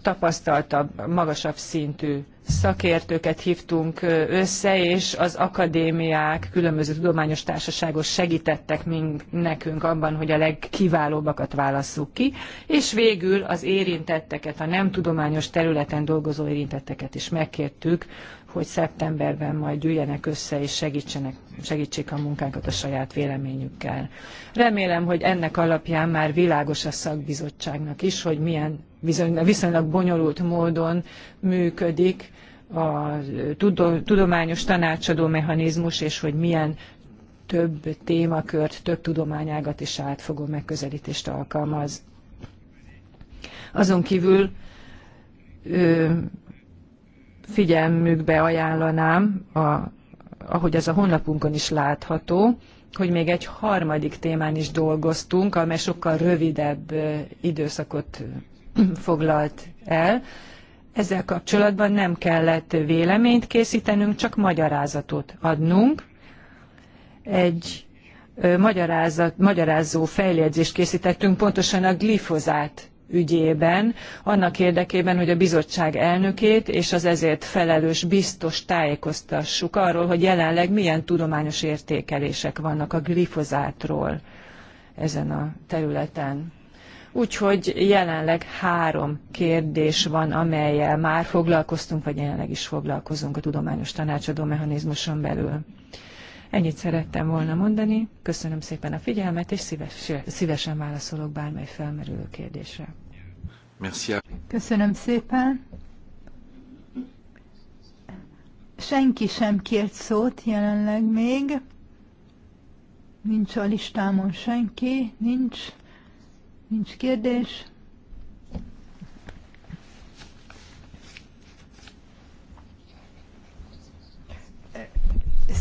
tapasztaltabb, magasabb szintű szakértőket hívtunk össze, és az akadémiák, különböző tudományos társaságok segítettek mind nekünk abban, hogy a legkiválóbbakat válasszuk ki, és végül az érintetteket, a nem tudományos területen dolgozó érintetteket is megkértük, hogy szeptemberben majd gyűjjenek össze és segítsenek, segítsék a munkánkat a saját véleményükkel. Remélem, hogy ennek alapján már világos a szakbizottságnak is, hogy milyen viszonylag bonyolult módon működik a tudományos tanácsadó mechanizmus, és hogy milyen több témakört, több tudományágat is átfogó megközelítést alkalmaz. Azon kívül figyelmükbe ajánlanám, a, ahogy ez a honlapunkon is látható, hogy még egy harmadik témán is dolgoztunk, amely sokkal rövidebb időszakot foglalt el. Ezzel kapcsolatban nem kellett véleményt készítenünk, csak magyarázatot adnunk. Egy magyarázat, magyarázó feljegyzést készítettünk pontosan a glifozát ügyében, annak érdekében, hogy a bizottság elnökét és az ezért felelős biztos tájékoztassuk arról, hogy jelenleg milyen tudományos értékelések vannak a glifozátról ezen a területen. Úgyhogy jelenleg három kérdés van, amelyel már foglalkoztunk, vagy jelenleg is foglalkozunk a tudományos tanácsadó mechanizmuson belül. Ennyit szerettem volna mondani, köszönöm szépen a figyelmet, és szíves, szívesen válaszolok bármely felmerülő kérdésre. Köszönöm szépen. Senki sem kért szót jelenleg még. Nincs a listámon senki, nincs, nincs kérdés.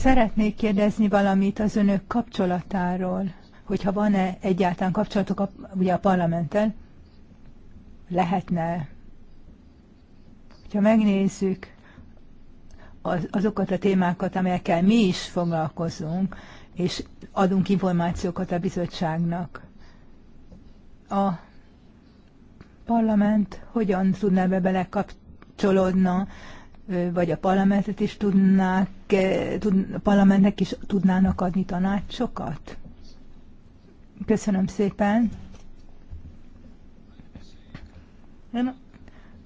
Szeretnék kérdezni valamit az önök kapcsolatáról, hogyha van-e egyáltalán kapcsolatok a, ugye a parlamenttel, lehetne. Ha megnézzük az, azokat a témákat, amelyekkel mi is foglalkozunk, és adunk információkat a bizottságnak, a parlament hogyan tudná be belekapcsolódna vagy a parlamentet is tudnák, tud, a parlamentnek is tudnának adni tanácsokat? Köszönöm szépen. Én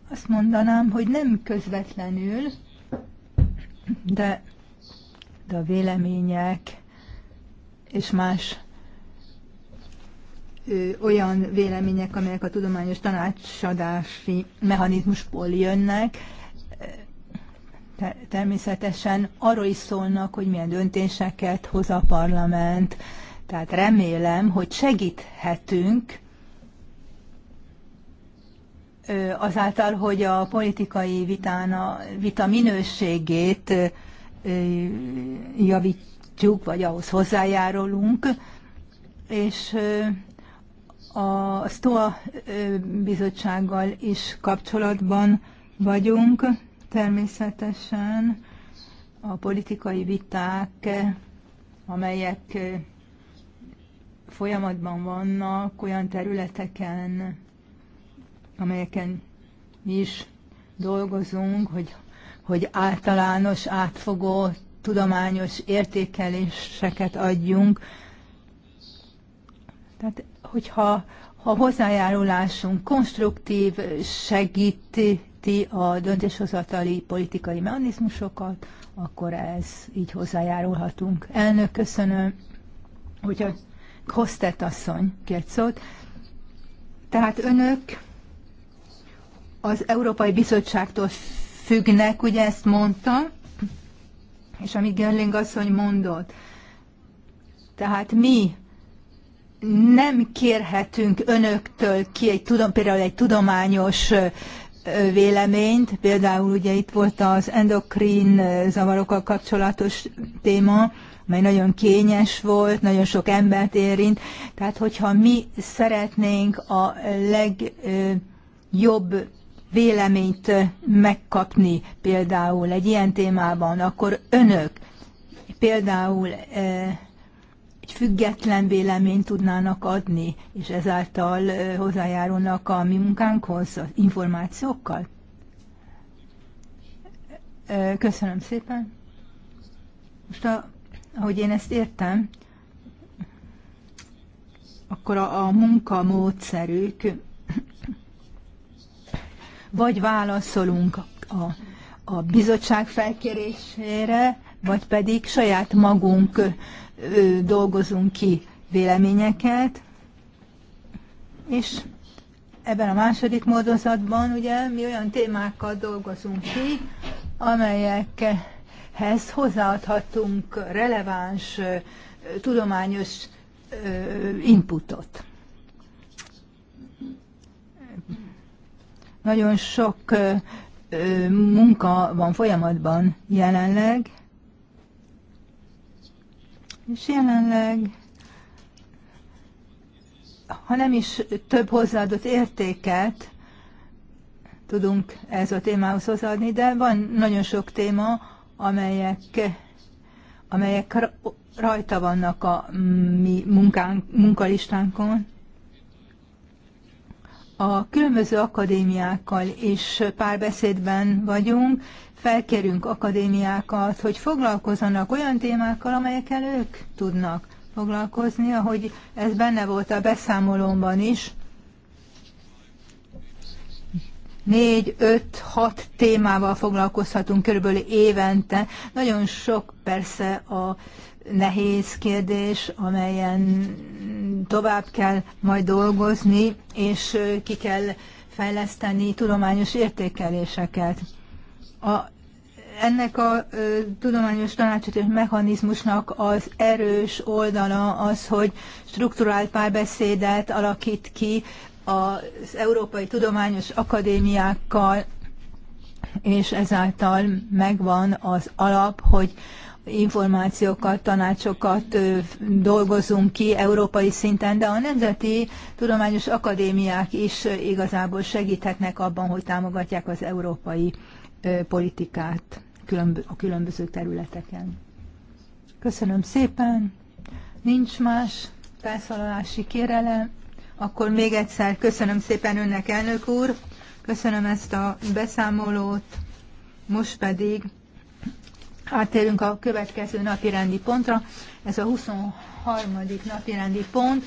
azt mondanám, hogy nem közvetlenül, de, de a vélemények és más ö, olyan vélemények, amelyek a tudományos tanácsadási mechanizmusból jönnek, természetesen arról is szólnak, hogy milyen döntéseket hoz a parlament, tehát remélem, hogy segíthetünk azáltal, hogy a politikai a vita minőségét javítjuk, vagy ahhoz hozzájárulunk, és a STOA bizottsággal is kapcsolatban vagyunk. Természetesen a politikai viták, amelyek folyamatban vannak olyan területeken, amelyeken mi is dolgozunk, hogy, hogy általános, átfogó, tudományos értékeléseket adjunk. Tehát, hogyha ha hozzájárulásunk konstruktív, segíti illeti a döntéshozatali politikai mechanizmusokat, akkor ez így hozzájárulhatunk. Elnök, köszönöm, hogyha Kostet asszony kért szót. Tehát önök az Európai Bizottságtól függnek, ugye ezt mondtam, és amit Gerling asszony mondott. Tehát mi nem kérhetünk önöktől ki egy, tudom, például egy tudományos véleményt, például ugye itt volt az endokrin zavarokkal kapcsolatos téma, mely nagyon kényes volt, nagyon sok embert érint. Tehát, hogyha mi szeretnénk a legjobb véleményt megkapni például egy ilyen témában, akkor önök például egy független véleményt tudnának adni, és ezáltal hozzájárulnak a mi munkánkhoz, az információkkal? Köszönöm szépen. Most, a, ahogy én ezt értem, akkor a, a munkamódszerük vagy válaszolunk a, a bizottság felkérésére, vagy pedig saját magunk dolgozunk ki véleményeket, és ebben a második módozatban ugye mi olyan témákkal dolgozunk ki, amelyekhez hozzáadhatunk releváns tudományos inputot. Nagyon sok munka van folyamatban jelenleg, és jelenleg, ha nem is több hozzáadott értéket tudunk ez a témához hozzáadni, de van nagyon sok téma, amelyek, amelyek rajta vannak a mi munkánk, munkalistánkon a különböző akadémiákkal is párbeszédben vagyunk, felkerünk akadémiákat, hogy foglalkozzanak olyan témákkal, amelyekkel ők tudnak foglalkozni, ahogy ez benne volt a beszámolómban is. Négy, öt, hat témával foglalkozhatunk körülbelül évente. Nagyon sok persze a nehéz kérdés, amelyen tovább kell majd dolgozni, és ki kell fejleszteni tudományos értékeléseket. A, ennek a ö, tudományos tanácsadás mechanizmusnak az erős oldala az, hogy strukturált párbeszédet alakít ki az Európai Tudományos Akadémiákkal, és ezáltal megvan az alap, hogy információkat, tanácsokat dolgozunk ki európai szinten, de a nemzeti tudományos akadémiák is igazából segíthetnek abban, hogy támogatják az európai politikát a különböző területeken. Köszönöm szépen. Nincs más felszólalási kérelem. Akkor még egyszer köszönöm szépen önnek, elnök úr. Köszönöm ezt a beszámolót. Most pedig Áttérünk a következő napirendi pontra. Ez a 23. napirendi pont.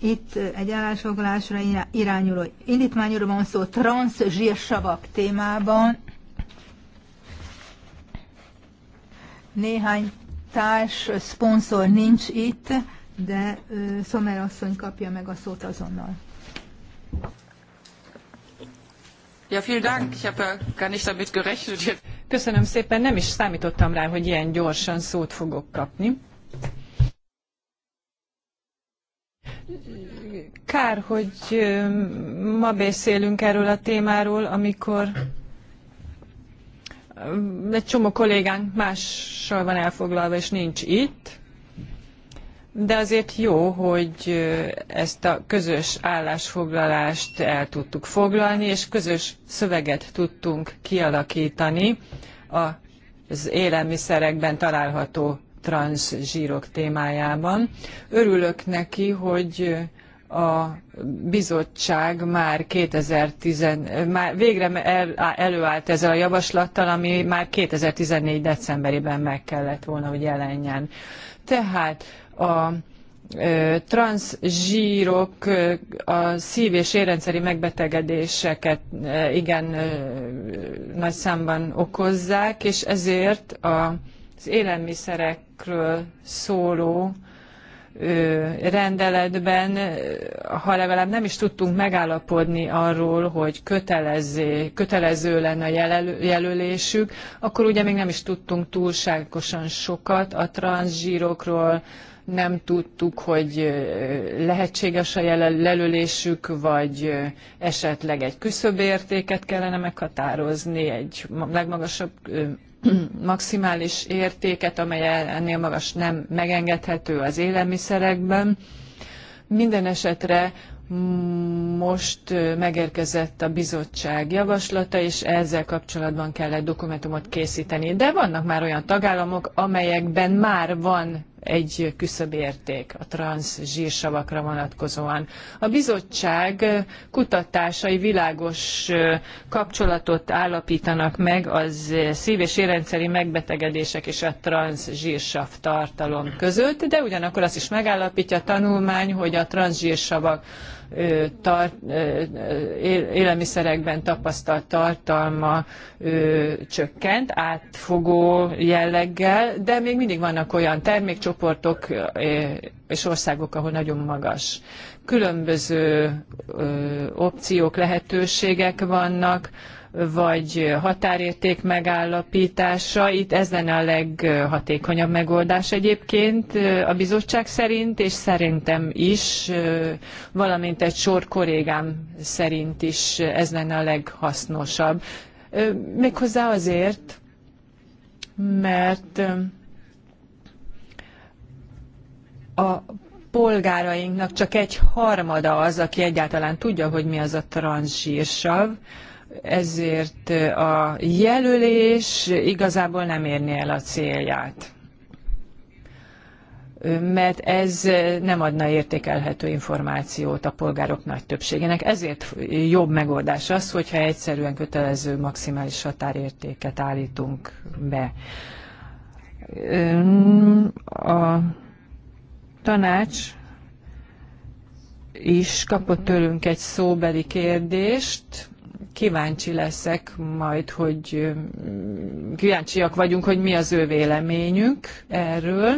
Itt egy állásfoglalásra irányuló indítványról van szó transz zsírsavak témában. Néhány társ, szponzor nincs itt, de Szomer asszony kapja meg a szót azonnal. Ja, vielen Dank. Ich habe ja äh, gar nicht damit gerechnet. Köszönöm szépen, nem is számítottam rá, hogy ilyen gyorsan szót fogok kapni. Kár, hogy ma beszélünk erről a témáról, amikor egy csomó kollégánk mással van elfoglalva, és nincs itt de azért jó, hogy ezt a közös állásfoglalást el tudtuk foglalni, és közös szöveget tudtunk kialakítani az élelmiszerekben található transzsírok témájában. Örülök neki, hogy a bizottság már 2010, már végre előállt ezzel a javaslattal, ami már 2014. decemberében meg kellett volna, hogy jelenjen. Tehát a transzsírok a szív- és érrendszeri megbetegedéseket igen nagy számban okozzák, és ezért az élelmiszerekről szóló rendeletben, ha legalább nem is tudtunk megállapodni arról, hogy kötelező, kötelező lenne a jelölésük, akkor ugye még nem is tudtunk túlságosan sokat a transzsírokról, nem tudtuk, hogy lehetséges a lelölésük, vagy esetleg egy küszöbértéket kellene meghatározni, egy legmagasabb maximális értéket, amely ennél magas nem megengedhető az élelmiszerekben. Minden esetre most megérkezett a bizottság javaslata, és ezzel kapcsolatban kell dokumentumot készíteni. De vannak már olyan tagállamok, amelyekben már van egy küszöbérték a transz zsírsavakra vonatkozóan. A bizottság kutatásai világos kapcsolatot állapítanak meg az szív- és érrendszeri megbetegedések és a transz zsírsav tartalom között, de ugyanakkor azt is megállapítja a tanulmány, hogy a transz zsírsavak tart, élelmiszerekben tapasztalt tartalma csökkent, átfogó jelleggel, de még mindig vannak olyan termékcsoportok és országok, ahol nagyon magas. Különböző opciók, lehetőségek vannak, vagy határérték megállapítása. Itt ez lenne a leghatékonyabb megoldás egyébként a bizottság szerint, és szerintem is, valamint egy sor kollégám szerint is ez lenne a leghasznosabb. Méghozzá azért, mert a polgárainknak csak egy harmada az, aki egyáltalán tudja, hogy mi az a transzsírsav, ezért a jelölés igazából nem érni el a célját mert ez nem adna értékelhető információt a polgárok nagy többségének. Ezért jobb megoldás az, hogyha egyszerűen kötelező maximális határértéket állítunk be. A tanács is kapott tőlünk egy szóbeli kérdést, kíváncsi leszek majd, hogy mm, kíváncsiak vagyunk, hogy mi az ő véleményük erről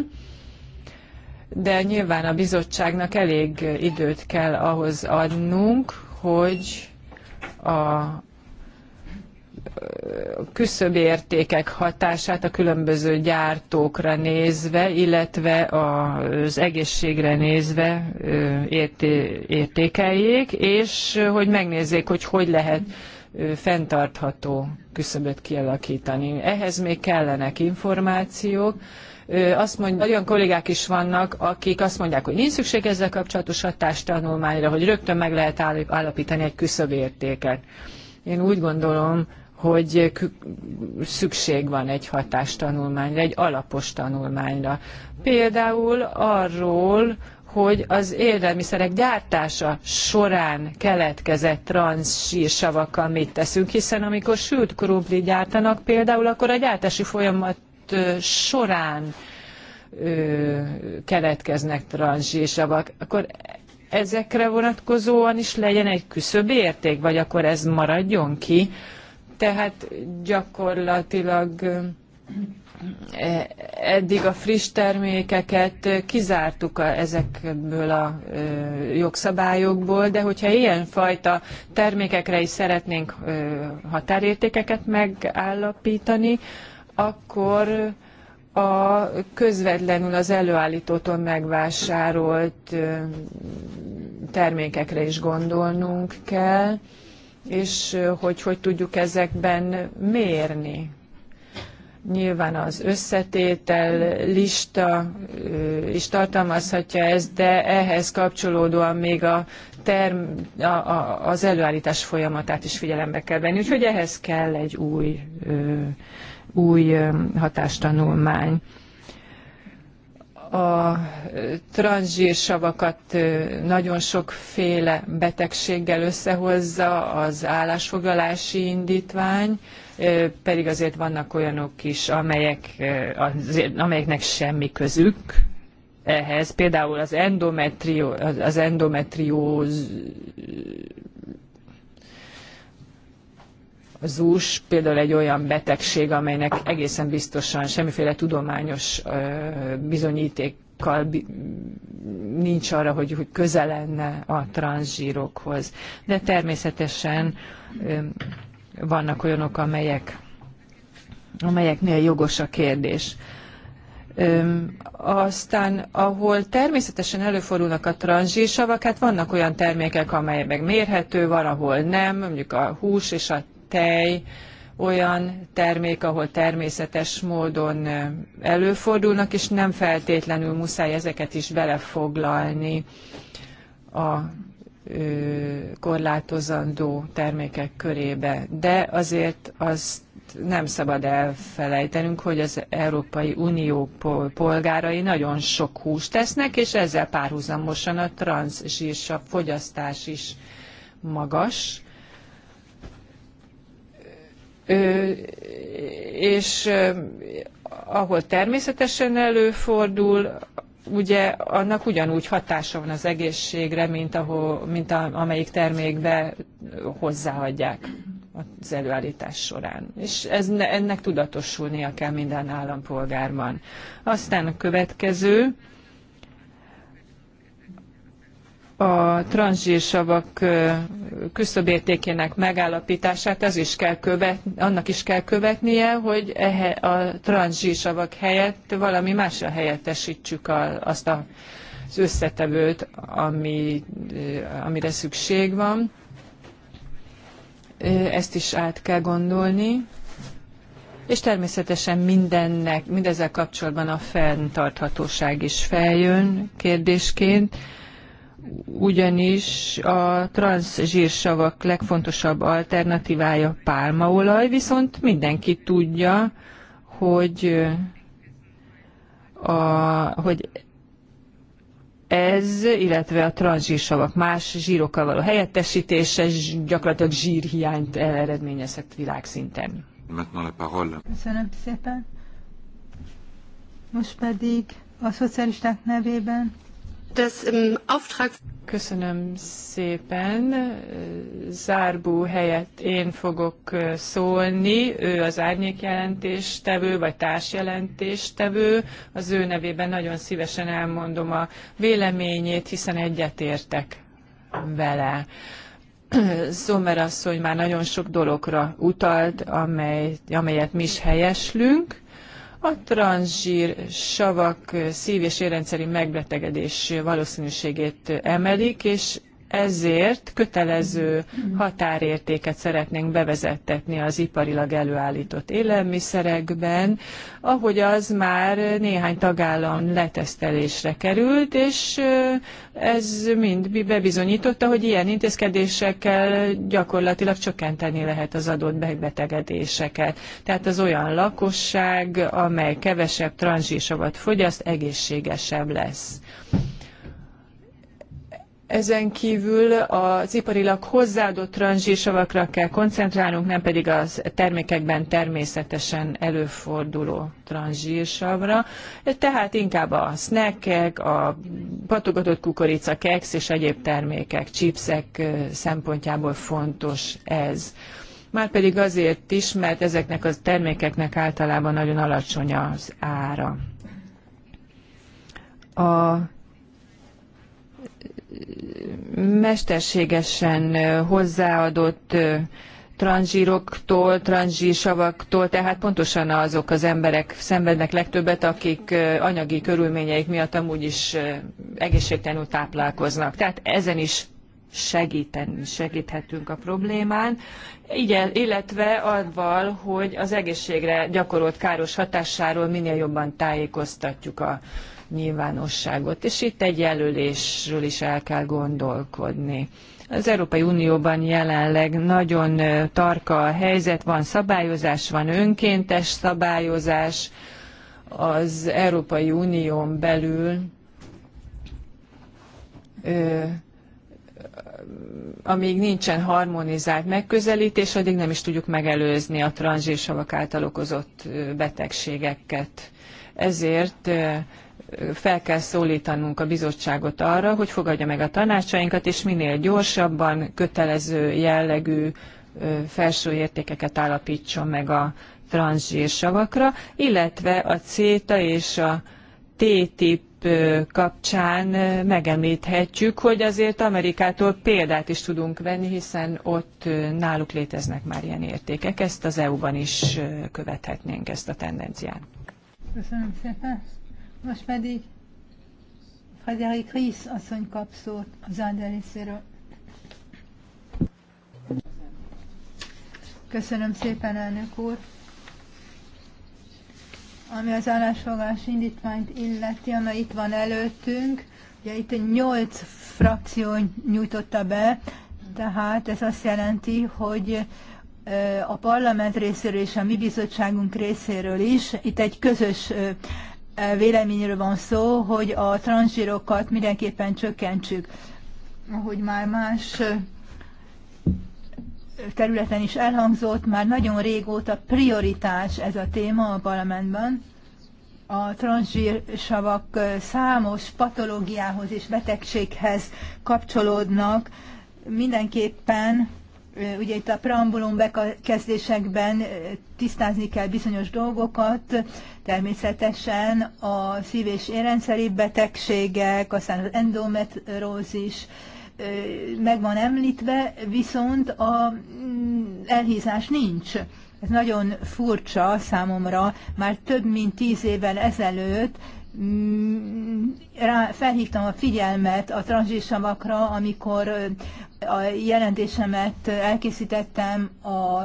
de nyilván a bizottságnak elég időt kell ahhoz adnunk, hogy a küszöbértékek hatását a különböző gyártókra nézve, illetve az egészségre nézve értékeljék, és hogy megnézzék, hogy hogy lehet fenntartható küszöböt kialakítani. Ehhez még kellenek információk. Azt mondja, olyan kollégák is vannak, akik azt mondják, hogy nincs szükség ezzel kapcsolatos hatástanulmányra, hogy rögtön meg lehet állapítani egy küszöbértéket. Én úgy gondolom, hogy szükség van egy hatástanulmányra, egy alapos tanulmányra. Például arról, hogy az élelmiszerek gyártása során keletkezett transzsírsavakkal mit teszünk, hiszen amikor sült krumpli gyártanak például, akkor a gyártási folyamat során ö, keletkeznek transzsírsavak. Akkor ezekre vonatkozóan is legyen egy küszöbérték, vagy akkor ez maradjon ki tehát gyakorlatilag eddig a friss termékeket kizártuk a, ezekből a ö, jogszabályokból, de hogyha ilyenfajta termékekre is szeretnénk ö, határértékeket megállapítani, akkor a közvetlenül az előállítótól megvásárolt ö, termékekre is gondolnunk kell. Ö, és hogy hogy tudjuk ezekben mérni. Nyilván az összetétel lista is tartalmazhatja ezt, de ehhez kapcsolódóan még a term, a, a, az előállítás folyamatát is figyelembe kell venni. Úgyhogy ehhez kell egy új, új hatástanulmány a transzsírsavakat nagyon sokféle betegséggel összehozza az állásfoglalási indítvány, pedig azért vannak olyanok is, amelyek, amelyeknek semmi közük ehhez. Például az, endometrió, az endometrióz az ús például egy olyan betegség, amelynek egészen biztosan semmiféle tudományos bizonyítékkal nincs arra, hogy, hogy közel lenne a transzsírokhoz. De természetesen vannak olyanok, amelyek, amelyeknél jogos a kérdés. Öm, aztán, ahol természetesen előfordulnak a tranzsírsavak, hát vannak olyan termékek, amelyek megmérhető mérhető, van, ahol nem, mondjuk a hús és a tej olyan termék, ahol természetes módon előfordulnak, és nem feltétlenül muszáj ezeket is belefoglalni a korlátozandó termékek körébe. De azért azt nem szabad elfelejtenünk, hogy az Európai Unió polgárai nagyon sok húst tesznek, és ezzel párhuzamosan a transzsírsav fogyasztás is magas és ahol természetesen előfordul, ugye annak ugyanúgy hatása van az egészségre, mint, ahol, mint a, amelyik termékbe hozzáadják az előállítás során. És ez, ennek tudatosulnia kell minden állampolgárban. Aztán a következő, a tranzsírsavak küszöbértékének megállapítását az is kell követ, annak is kell követnie, hogy e a tranzsírsavak helyett valami másra helyettesítsük azt az összetevőt, ami, amire szükség van. Ezt is át kell gondolni. És természetesen mindennek, mindezzel kapcsolatban a fenntarthatóság is feljön kérdésként ugyanis a transzsírsavak legfontosabb alternatívája pálmaolaj, viszont mindenki tudja, hogy, a, hogy ez, illetve a transzsírsavak más zsírokkal való helyettesítése gyakorlatilag zsírhiányt eredményezhet világszinten. Köszönöm szépen. Most pedig a szocialisták nevében Ähm, Köszönöm szépen. Zárbú helyett én fogok szólni. Ő az árnyékjelentéstevő, vagy társjelentéstevő. Az ő nevében nagyon szívesen elmondom a véleményét, hiszen egyetértek vele. Zomer asszony már nagyon sok dologra utalt, amely, amelyet mi is helyeslünk a transzsír savak szív- és érrendszeri megbetegedés valószínűségét emelik, és ezért kötelező határértéket szeretnénk bevezettetni az iparilag előállított élelmiszerekben, ahogy az már néhány tagállam letesztelésre került, és ez mind bebizonyította, hogy ilyen intézkedésekkel gyakorlatilag csökkenteni lehet az adott megbetegedéseket. Tehát az olyan lakosság, amely kevesebb tranzsisavat fogyaszt, egészségesebb lesz. Ezen kívül az iparilag hozzáadott tranzsísavakra kell koncentrálnunk, nem pedig a termékekben természetesen előforduló tranzsírsavra. Tehát inkább a snackek, a patogatott kukorica, keksz és egyéb termékek, chipsek szempontjából fontos ez. Márpedig azért is, mert ezeknek a termékeknek általában nagyon alacsony az ára. A mesterségesen hozzáadott tranzsíroktól, tranzsírsavaktól, tehát pontosan azok az emberek szenvednek legtöbbet, akik anyagi körülményeik miatt amúgy is egészségtelenül táplálkoznak. Tehát ezen is segíteni, segíthetünk a problémán, Igen, illetve azzal, hogy az egészségre gyakorolt káros hatásáról minél jobban tájékoztatjuk a nyilvánosságot. És itt egy jelölésről is el kell gondolkodni. Az Európai Unióban jelenleg nagyon tarka a helyzet, van szabályozás, van önkéntes szabályozás az Európai Unión belül. amíg nincsen harmonizált megközelítés, addig nem is tudjuk megelőzni a tranzsírsavak által okozott betegségeket. Ezért fel kell szólítanunk a bizottságot arra, hogy fogadja meg a tanácsainkat, és minél gyorsabban kötelező jellegű felső értékeket állapítson meg a transzsírsavakra, illetve a CETA és a TTIP kapcsán megemlíthetjük, hogy azért Amerikától példát is tudunk venni, hiszen ott náluk léteznek már ilyen értékek. Ezt az EU-ban is követhetnénk, ezt a tendenciát. Köszönöm szépen. Most pedig Frederik Krisz asszony kap szót az Áder Köszönöm szépen, elnök úr! Ami az állásfogás indítványt illeti, amely itt van előttünk, ugye itt nyolc frakció nyújtotta be, tehát ez azt jelenti, hogy a parlament részéről és a mi bizottságunk részéről is itt egy közös véleményről van szó, hogy a transzsírokat mindenképpen csökkentsük. Ahogy már más területen is elhangzott, már nagyon régóta prioritás ez a téma a parlamentben. A transzsírsavak számos patológiához és betegséghez kapcsolódnak. Mindenképpen Ugye itt a preambulum bekezdésekben tisztázni kell bizonyos dolgokat, természetesen a szív- és érrendszeri betegségek, aztán az endometrózis, meg van említve, viszont a mm, elhízás nincs. Ez nagyon furcsa számomra, már több mint tíz évvel ezelőtt Mm, rá, felhívtam a figyelmet a tranzsésavakra, amikor a jelentésemet elkészítettem a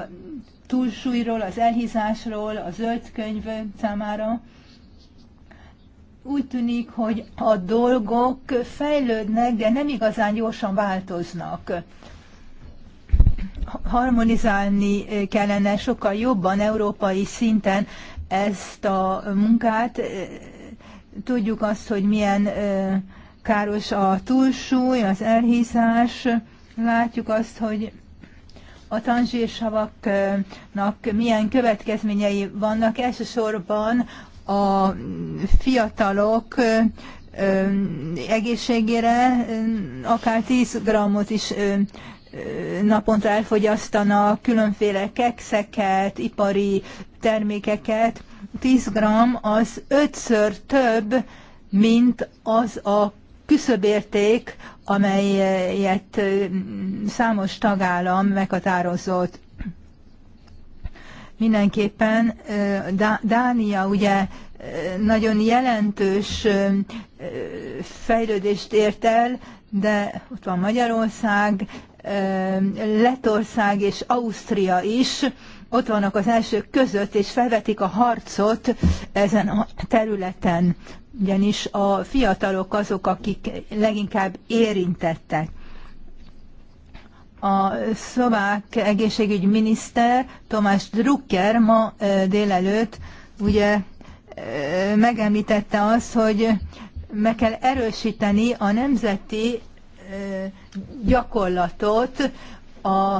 túlsúlyról, az elhízásról, a zöld könyv számára. Úgy tűnik, hogy a dolgok fejlődnek, de nem igazán gyorsan változnak. Harmonizálni kellene sokkal jobban európai szinten ezt a munkát, Tudjuk azt, hogy milyen káros a túlsúly, az elhízás. Látjuk azt, hogy a tanzsírsavaknak milyen következményei vannak. Elsősorban a fiatalok egészségére akár 10 grammot is naponta elfogyasztanak, különféle kekszeket, ipari termékeket, 10 g az ötször több, mint az a küszöbérték, amelyet számos tagállam meghatározott. Mindenképpen Dánia ugye nagyon jelentős fejlődést ért el, de ott van Magyarország, Letország és Ausztria is, ott vannak az elsők között, és felvetik a harcot ezen a területen, ugyanis a fiatalok azok, akik leginkább érintettek. A szlovák miniszter, Tomás Drucker ma délelőtt ugye megemlítette azt, hogy meg kell erősíteni a nemzeti gyakorlatot a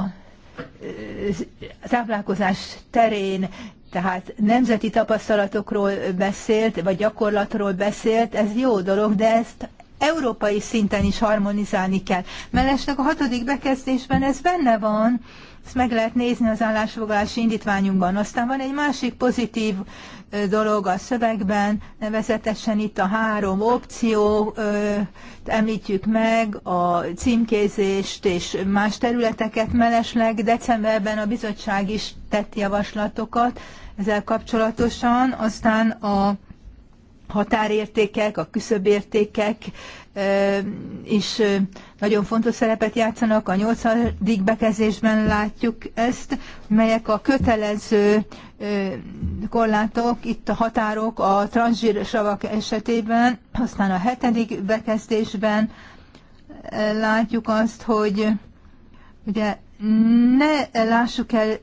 táplálkozás terén, tehát nemzeti tapasztalatokról beszélt, vagy gyakorlatról beszélt, ez jó dolog, de ezt európai szinten is harmonizálni kell. Mellesleg a hatodik bekezdésben ez benne van, ezt meg lehet nézni az állásfoglalási indítványunkban. Aztán van egy másik pozitív dolog a szövegben, nevezetesen itt a három opció, említjük meg a címkézést és más területeket mellesleg. Decemberben a bizottság is tett javaslatokat ezzel kapcsolatosan, aztán a határértékek, a küszöbértékek is nagyon fontos szerepet játszanak. A nyolcadik bekezdésben látjuk ezt, melyek a kötelező korlátok, itt a határok a savak esetében, aztán a hetedik bekezdésben látjuk azt, hogy ugye ne lássuk el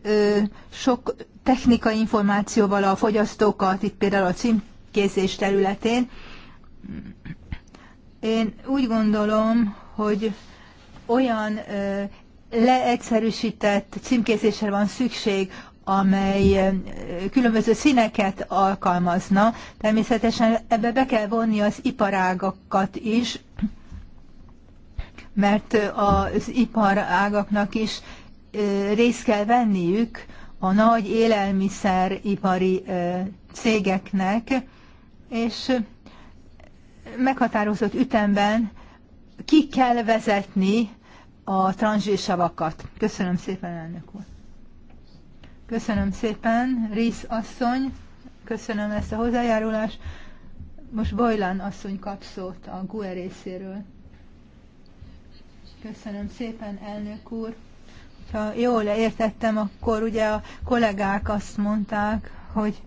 sok technikai információval a fogyasztókat, itt például a címkézés területén. Én úgy gondolom, hogy olyan leegyszerűsített címkézésre van szükség, amely különböző színeket alkalmazna. Természetesen ebbe be kell vonni az iparágakat is, mert az iparágaknak is részt kell venniük a nagy élelmiszeripari cégeknek, és meghatározott ütemben ki kell vezetni a tranzsésavakat. Köszönöm szépen, elnök úr. Köszönöm szépen, Rész asszony, köszönöm ezt a hozzájárulást. Most Bojlan asszony kap szót a GUE részéről. Köszönöm szépen, elnök úr. Ha jól értettem, akkor ugye a kollégák azt mondták, hogy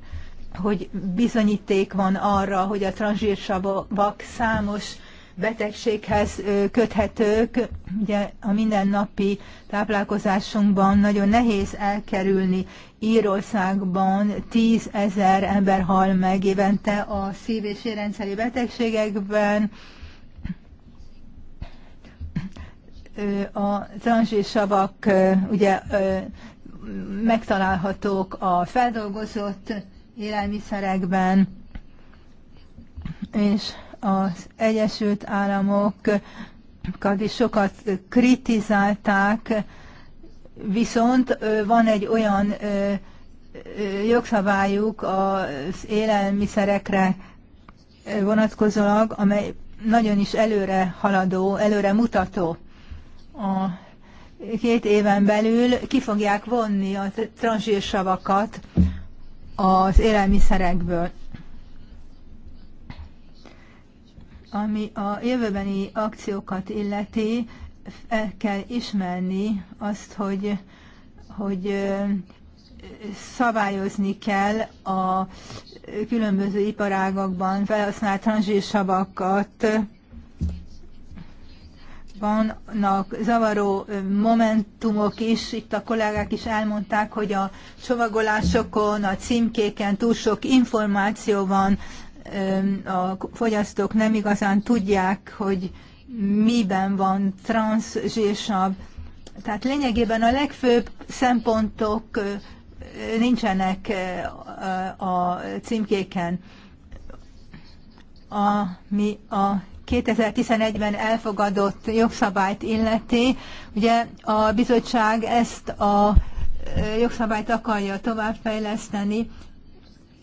hogy bizonyíték van arra, hogy a tranzsírsavak számos betegséghez köthetők. Ugye a mindennapi táplálkozásunkban nagyon nehéz elkerülni. Írországban 10 ezer ember hal meg évente a szív- és érrendszeri betegségekben. A savak ugye megtalálhatók a feldolgozott élelmiszerekben, és az Egyesült Államok is sokat kritizálták, viszont van egy olyan jogszabályuk az élelmiszerekre vonatkozólag, amely nagyon is előre haladó, előre mutató. A két éven belül ki fogják vonni a tranzsírsavakat az élelmiszerekből. Ami a jövőbeni akciókat illeti, el kell ismerni azt, hogy, hogy szabályozni kell a különböző iparágakban felhasznált tranzsírsavakat, vannak zavaró momentumok is, itt a kollégák is elmondták, hogy a csomagolásokon, a címkéken túl sok információ van, a fogyasztók nem igazán tudják, hogy miben van transzsírsav. Tehát lényegében a legfőbb szempontok nincsenek a címkéken. Ami a 2011-ben elfogadott jogszabályt illeti, ugye a bizottság ezt a jogszabályt akarja továbbfejleszteni,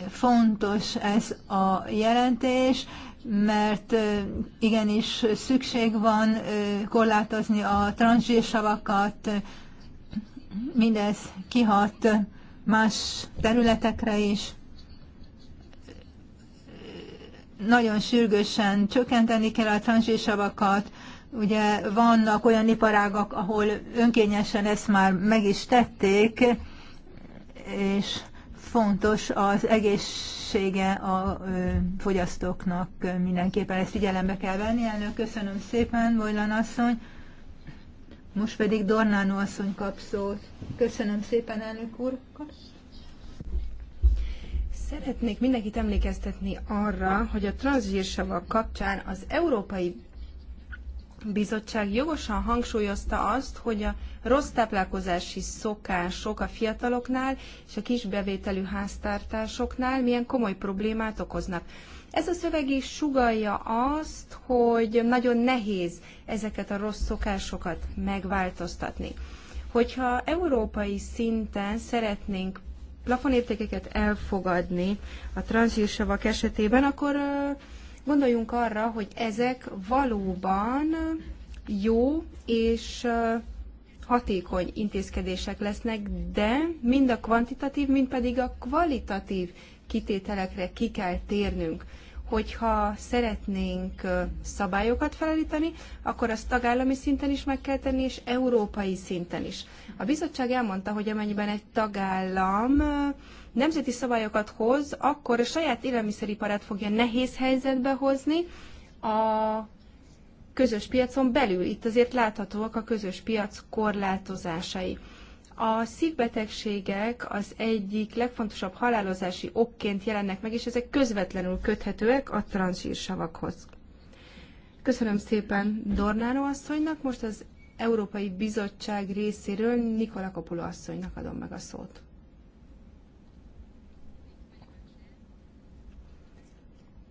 fontos ez a jelentés, mert igenis szükség van korlátozni a tranzsírsavakat, mindez kihat más területekre is. Nagyon sürgősen csökkenteni kell a tranzsírsavakat, ugye vannak olyan iparágak, ahol önkényesen ezt már meg is tették, és fontos az egészsége a fogyasztóknak mindenképpen. Ezt figyelembe kell venni. Elnök, köszönöm szépen, Bojlan asszony. Most pedig Dornánó asszony kap szót. Köszönöm szépen, elnök úr. Szeretnék mindenkit emlékeztetni arra, hogy a transzsírsavak kapcsán az Európai bizottság jogosan hangsúlyozta azt, hogy a rossz táplálkozási szokások a fiataloknál és a bevételű háztartásoknál milyen komoly problémát okoznak. Ez a szöveg is sugalja azt, hogy nagyon nehéz ezeket a rossz szokásokat megváltoztatni. Hogyha európai szinten szeretnénk plafonértékeket elfogadni a transzírsavak esetében, akkor Gondoljunk arra, hogy ezek valóban jó és hatékony intézkedések lesznek, de mind a kvantitatív, mind pedig a kvalitatív kitételekre ki kell térnünk. Hogyha szeretnénk szabályokat felállítani, akkor azt tagállami szinten is meg kell tenni, és európai szinten is. A bizottság elmondta, hogy amennyiben egy tagállam nemzeti szabályokat hoz, akkor a saját élelmiszeriparát fogja nehéz helyzetbe hozni a közös piacon belül. Itt azért láthatóak a közös piac korlátozásai. A szívbetegségek az egyik legfontosabb halálozási okként jelennek meg, és ezek közvetlenül köthetőek a transzsírsavakhoz. Köszönöm szépen Dornáró asszonynak, most az Európai Bizottság részéről Nikola Kopulu asszonynak adom meg a szót.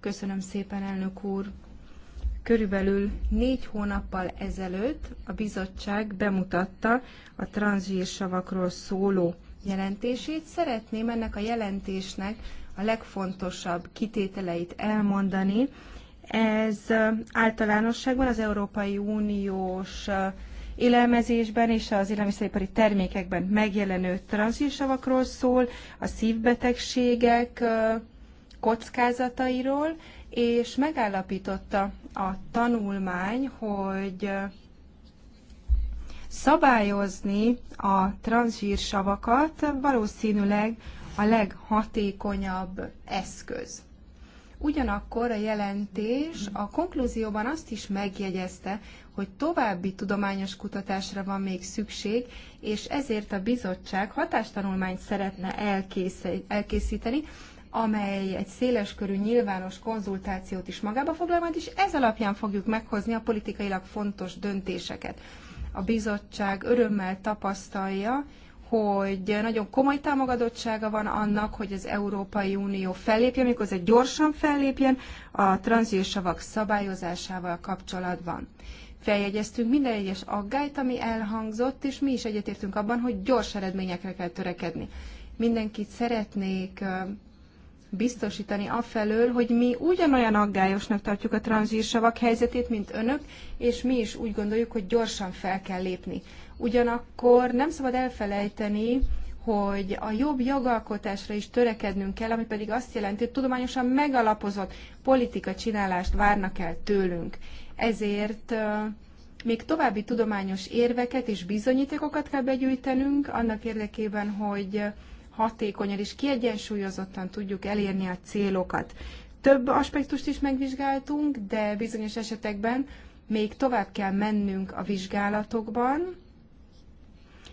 Köszönöm szépen, elnök úr! Körülbelül négy hónappal ezelőtt a bizottság bemutatta a transzsírsavakról szóló jelentését. Szeretném ennek a jelentésnek a legfontosabb kitételeit elmondani. Ez általánosságban az Európai Uniós élelmezésben és az élelmiszeripari termékekben megjelenő transzsírsavakról szól, a szívbetegségek kockázatairól, és megállapította a tanulmány, hogy szabályozni a transzsírsavakat valószínűleg a leghatékonyabb eszköz. Ugyanakkor a jelentés a konklúzióban azt is megjegyezte, hogy további tudományos kutatásra van még szükség, és ezért a bizottság hatástanulmányt szeretne elkészíteni, amely egy széleskörű nyilvános konzultációt is magába foglal, majd is ez alapján fogjuk meghozni a politikailag fontos döntéseket. A bizottság örömmel tapasztalja, hogy nagyon komoly támogatottsága van annak, hogy az Európai Unió fellépjen, méghozzá gyorsan fellépjen a tranzősavak szabályozásával kapcsolatban. Feljegyeztünk minden egyes aggályt, ami elhangzott, és mi is egyetértünk abban, hogy gyors eredményekre kell törekedni. Mindenkit szeretnék biztosítani afelől, hogy mi ugyanolyan aggályosnak tartjuk a tranzírsavak helyzetét, mint önök, és mi is úgy gondoljuk, hogy gyorsan fel kell lépni. Ugyanakkor nem szabad elfelejteni, hogy a jobb jogalkotásra is törekednünk kell, ami pedig azt jelenti, hogy tudományosan megalapozott politika csinálást várnak el tőlünk. Ezért még további tudományos érveket és bizonyítékokat kell begyűjtenünk annak érdekében, hogy hatékonyan és kiegyensúlyozottan tudjuk elérni a célokat. Több aspektust is megvizsgáltunk, de bizonyos esetekben még tovább kell mennünk a vizsgálatokban,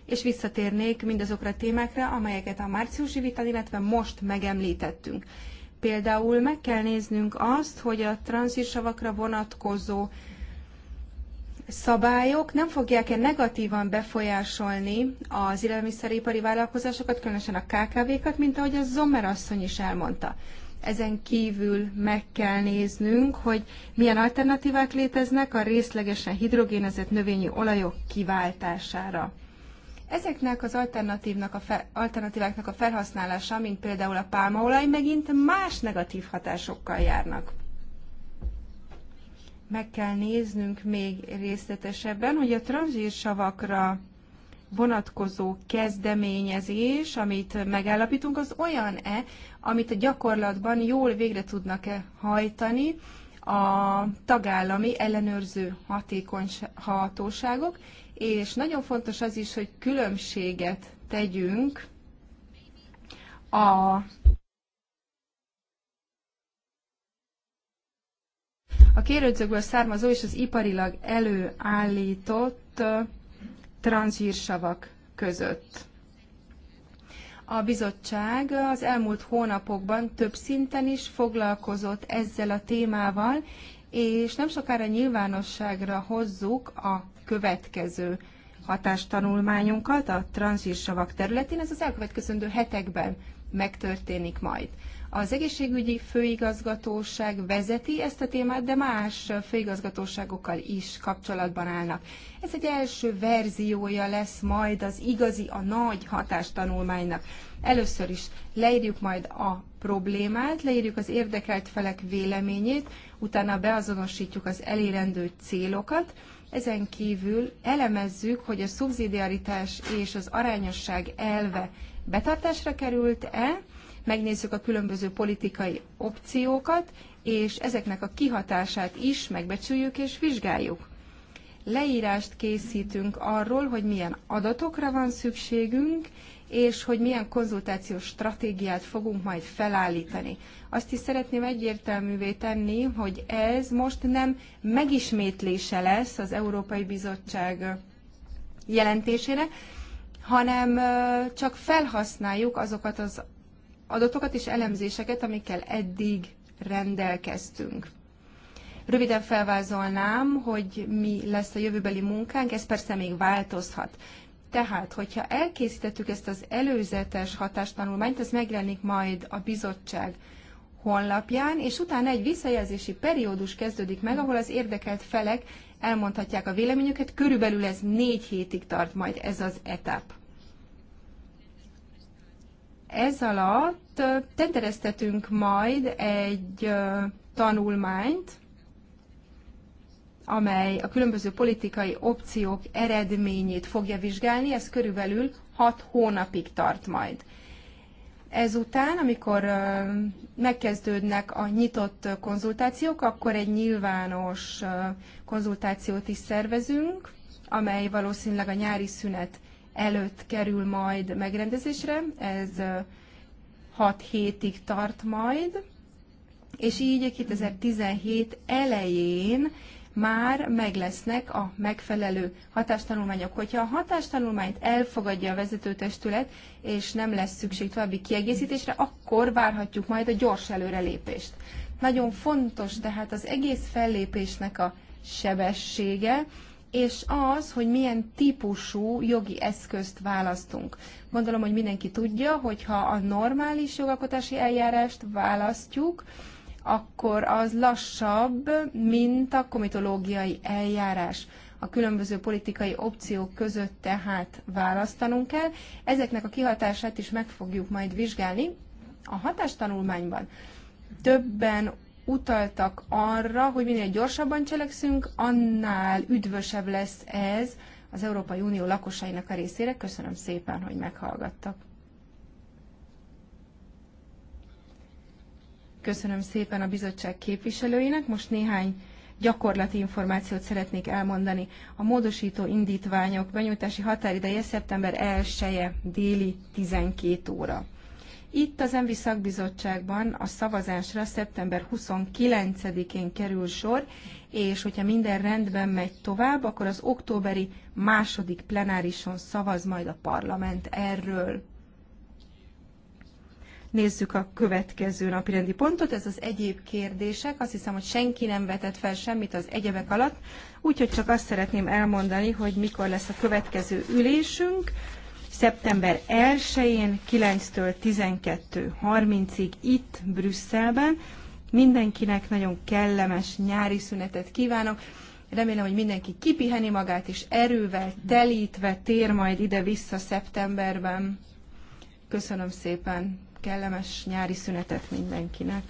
és visszatérnék mindazokra a témákra, amelyeket a márciusi vitán, illetve most megemlítettünk. Például meg kell néznünk azt, hogy a tranzitsavakra vonatkozó szabályok nem fogják-e negatívan befolyásolni az élelmiszeripari vállalkozásokat, különösen a KKV-kat, mint ahogy a Zomer asszony is elmondta. Ezen kívül meg kell néznünk, hogy milyen alternatívák léteznek a részlegesen hidrogénezett növényi olajok kiváltására. Ezeknek az alternatívnak a fe, alternatíváknak a felhasználása, mint például a pálmaolaj, megint más negatív hatásokkal járnak meg kell néznünk még részletesebben, hogy a tranzírsavakra vonatkozó kezdeményezés, amit megállapítunk, az olyan-e, amit a gyakorlatban jól végre tudnak-e hajtani a tagállami ellenőrző hatékony hatóságok, és nagyon fontos az is, hogy különbséget tegyünk a A kérődzőkből származó és az iparilag előállított transzsírsavak között. A bizottság az elmúlt hónapokban több szinten is foglalkozott ezzel a témával, és nem sokára nyilvánosságra hozzuk a következő hatástanulmányunkat a transzsírsavak területén. Ez az elkövetkezendő hetekben megtörténik majd. Az egészségügyi főigazgatóság vezeti ezt a témát, de más főigazgatóságokkal is kapcsolatban állnak. Ez egy első verziója lesz majd az igazi, a nagy hatástanulmánynak. Először is leírjuk majd a problémát, leírjuk az érdekelt felek véleményét, utána beazonosítjuk az elérendő célokat, ezen kívül elemezzük, hogy a szubszidiaritás és az arányosság elve betartásra került-e, megnézzük a különböző politikai opciókat, és ezeknek a kihatását is megbecsüljük és vizsgáljuk. Leírást készítünk arról, hogy milyen adatokra van szükségünk, és hogy milyen konzultációs stratégiát fogunk majd felállítani. Azt is szeretném egyértelművé tenni, hogy ez most nem megismétlése lesz az Európai Bizottság jelentésére, hanem csak felhasználjuk azokat az adatokat és elemzéseket, amikkel eddig rendelkeztünk. Röviden felvázolnám, hogy mi lesz a jövőbeli munkánk, ez persze még változhat. Tehát, hogyha elkészítettük ezt az előzetes hatástanulmányt, ez megjelenik majd a bizottság honlapján, és utána egy visszajelzési periódus kezdődik meg, ahol az érdekelt felek elmondhatják a véleményüket. Körülbelül ez négy hétig tart majd ez az etap. Ez alatt tendereztetünk majd egy tanulmányt, amely a különböző politikai opciók eredményét fogja vizsgálni, ez körülbelül 6 hónapig tart majd. Ezután, amikor megkezdődnek a nyitott konzultációk, akkor egy nyilvános konzultációt is szervezünk, amely valószínűleg a nyári szünet előtt kerül majd megrendezésre, ez 6 hétig tart majd, és így 2017 elején már meg lesznek a megfelelő hatástanulmányok. Hogyha a hatástanulmányt elfogadja a vezetőtestület, és nem lesz szükség további kiegészítésre, akkor várhatjuk majd a gyors előrelépést. Nagyon fontos tehát az egész fellépésnek a sebessége, és az, hogy milyen típusú jogi eszközt választunk. Gondolom, hogy mindenki tudja, hogy ha a normális jogalkotási eljárást választjuk, akkor az lassabb, mint a komitológiai eljárás. A különböző politikai opciók között tehát választanunk kell. Ezeknek a kihatását is meg fogjuk majd vizsgálni a hatástanulmányban. Többen utaltak arra, hogy minél gyorsabban cselekszünk, annál üdvösebb lesz ez az Európai Unió lakosainak a részére. Köszönöm szépen, hogy meghallgattak. Köszönöm szépen a bizottság képviselőinek. Most néhány gyakorlati információt szeretnék elmondani. A módosító indítványok benyújtási határideje szeptember 1-e déli 12 óra. Itt az ENVI szakbizottságban a szavazásra szeptember 29-én kerül sor, és hogyha minden rendben megy tovább, akkor az októberi második plenárison szavaz majd a parlament erről. Nézzük a következő napirendi pontot, ez az egyéb kérdések. Azt hiszem, hogy senki nem vetett fel semmit az egyebek alatt, úgyhogy csak azt szeretném elmondani, hogy mikor lesz a következő ülésünk szeptember 1-én 9-től 12.30-ig itt Brüsszelben. Mindenkinek nagyon kellemes nyári szünetet kívánok. Remélem, hogy mindenki kipiheni magát, és erővel telítve tér majd ide-vissza szeptemberben. Köszönöm szépen, kellemes nyári szünetet mindenkinek!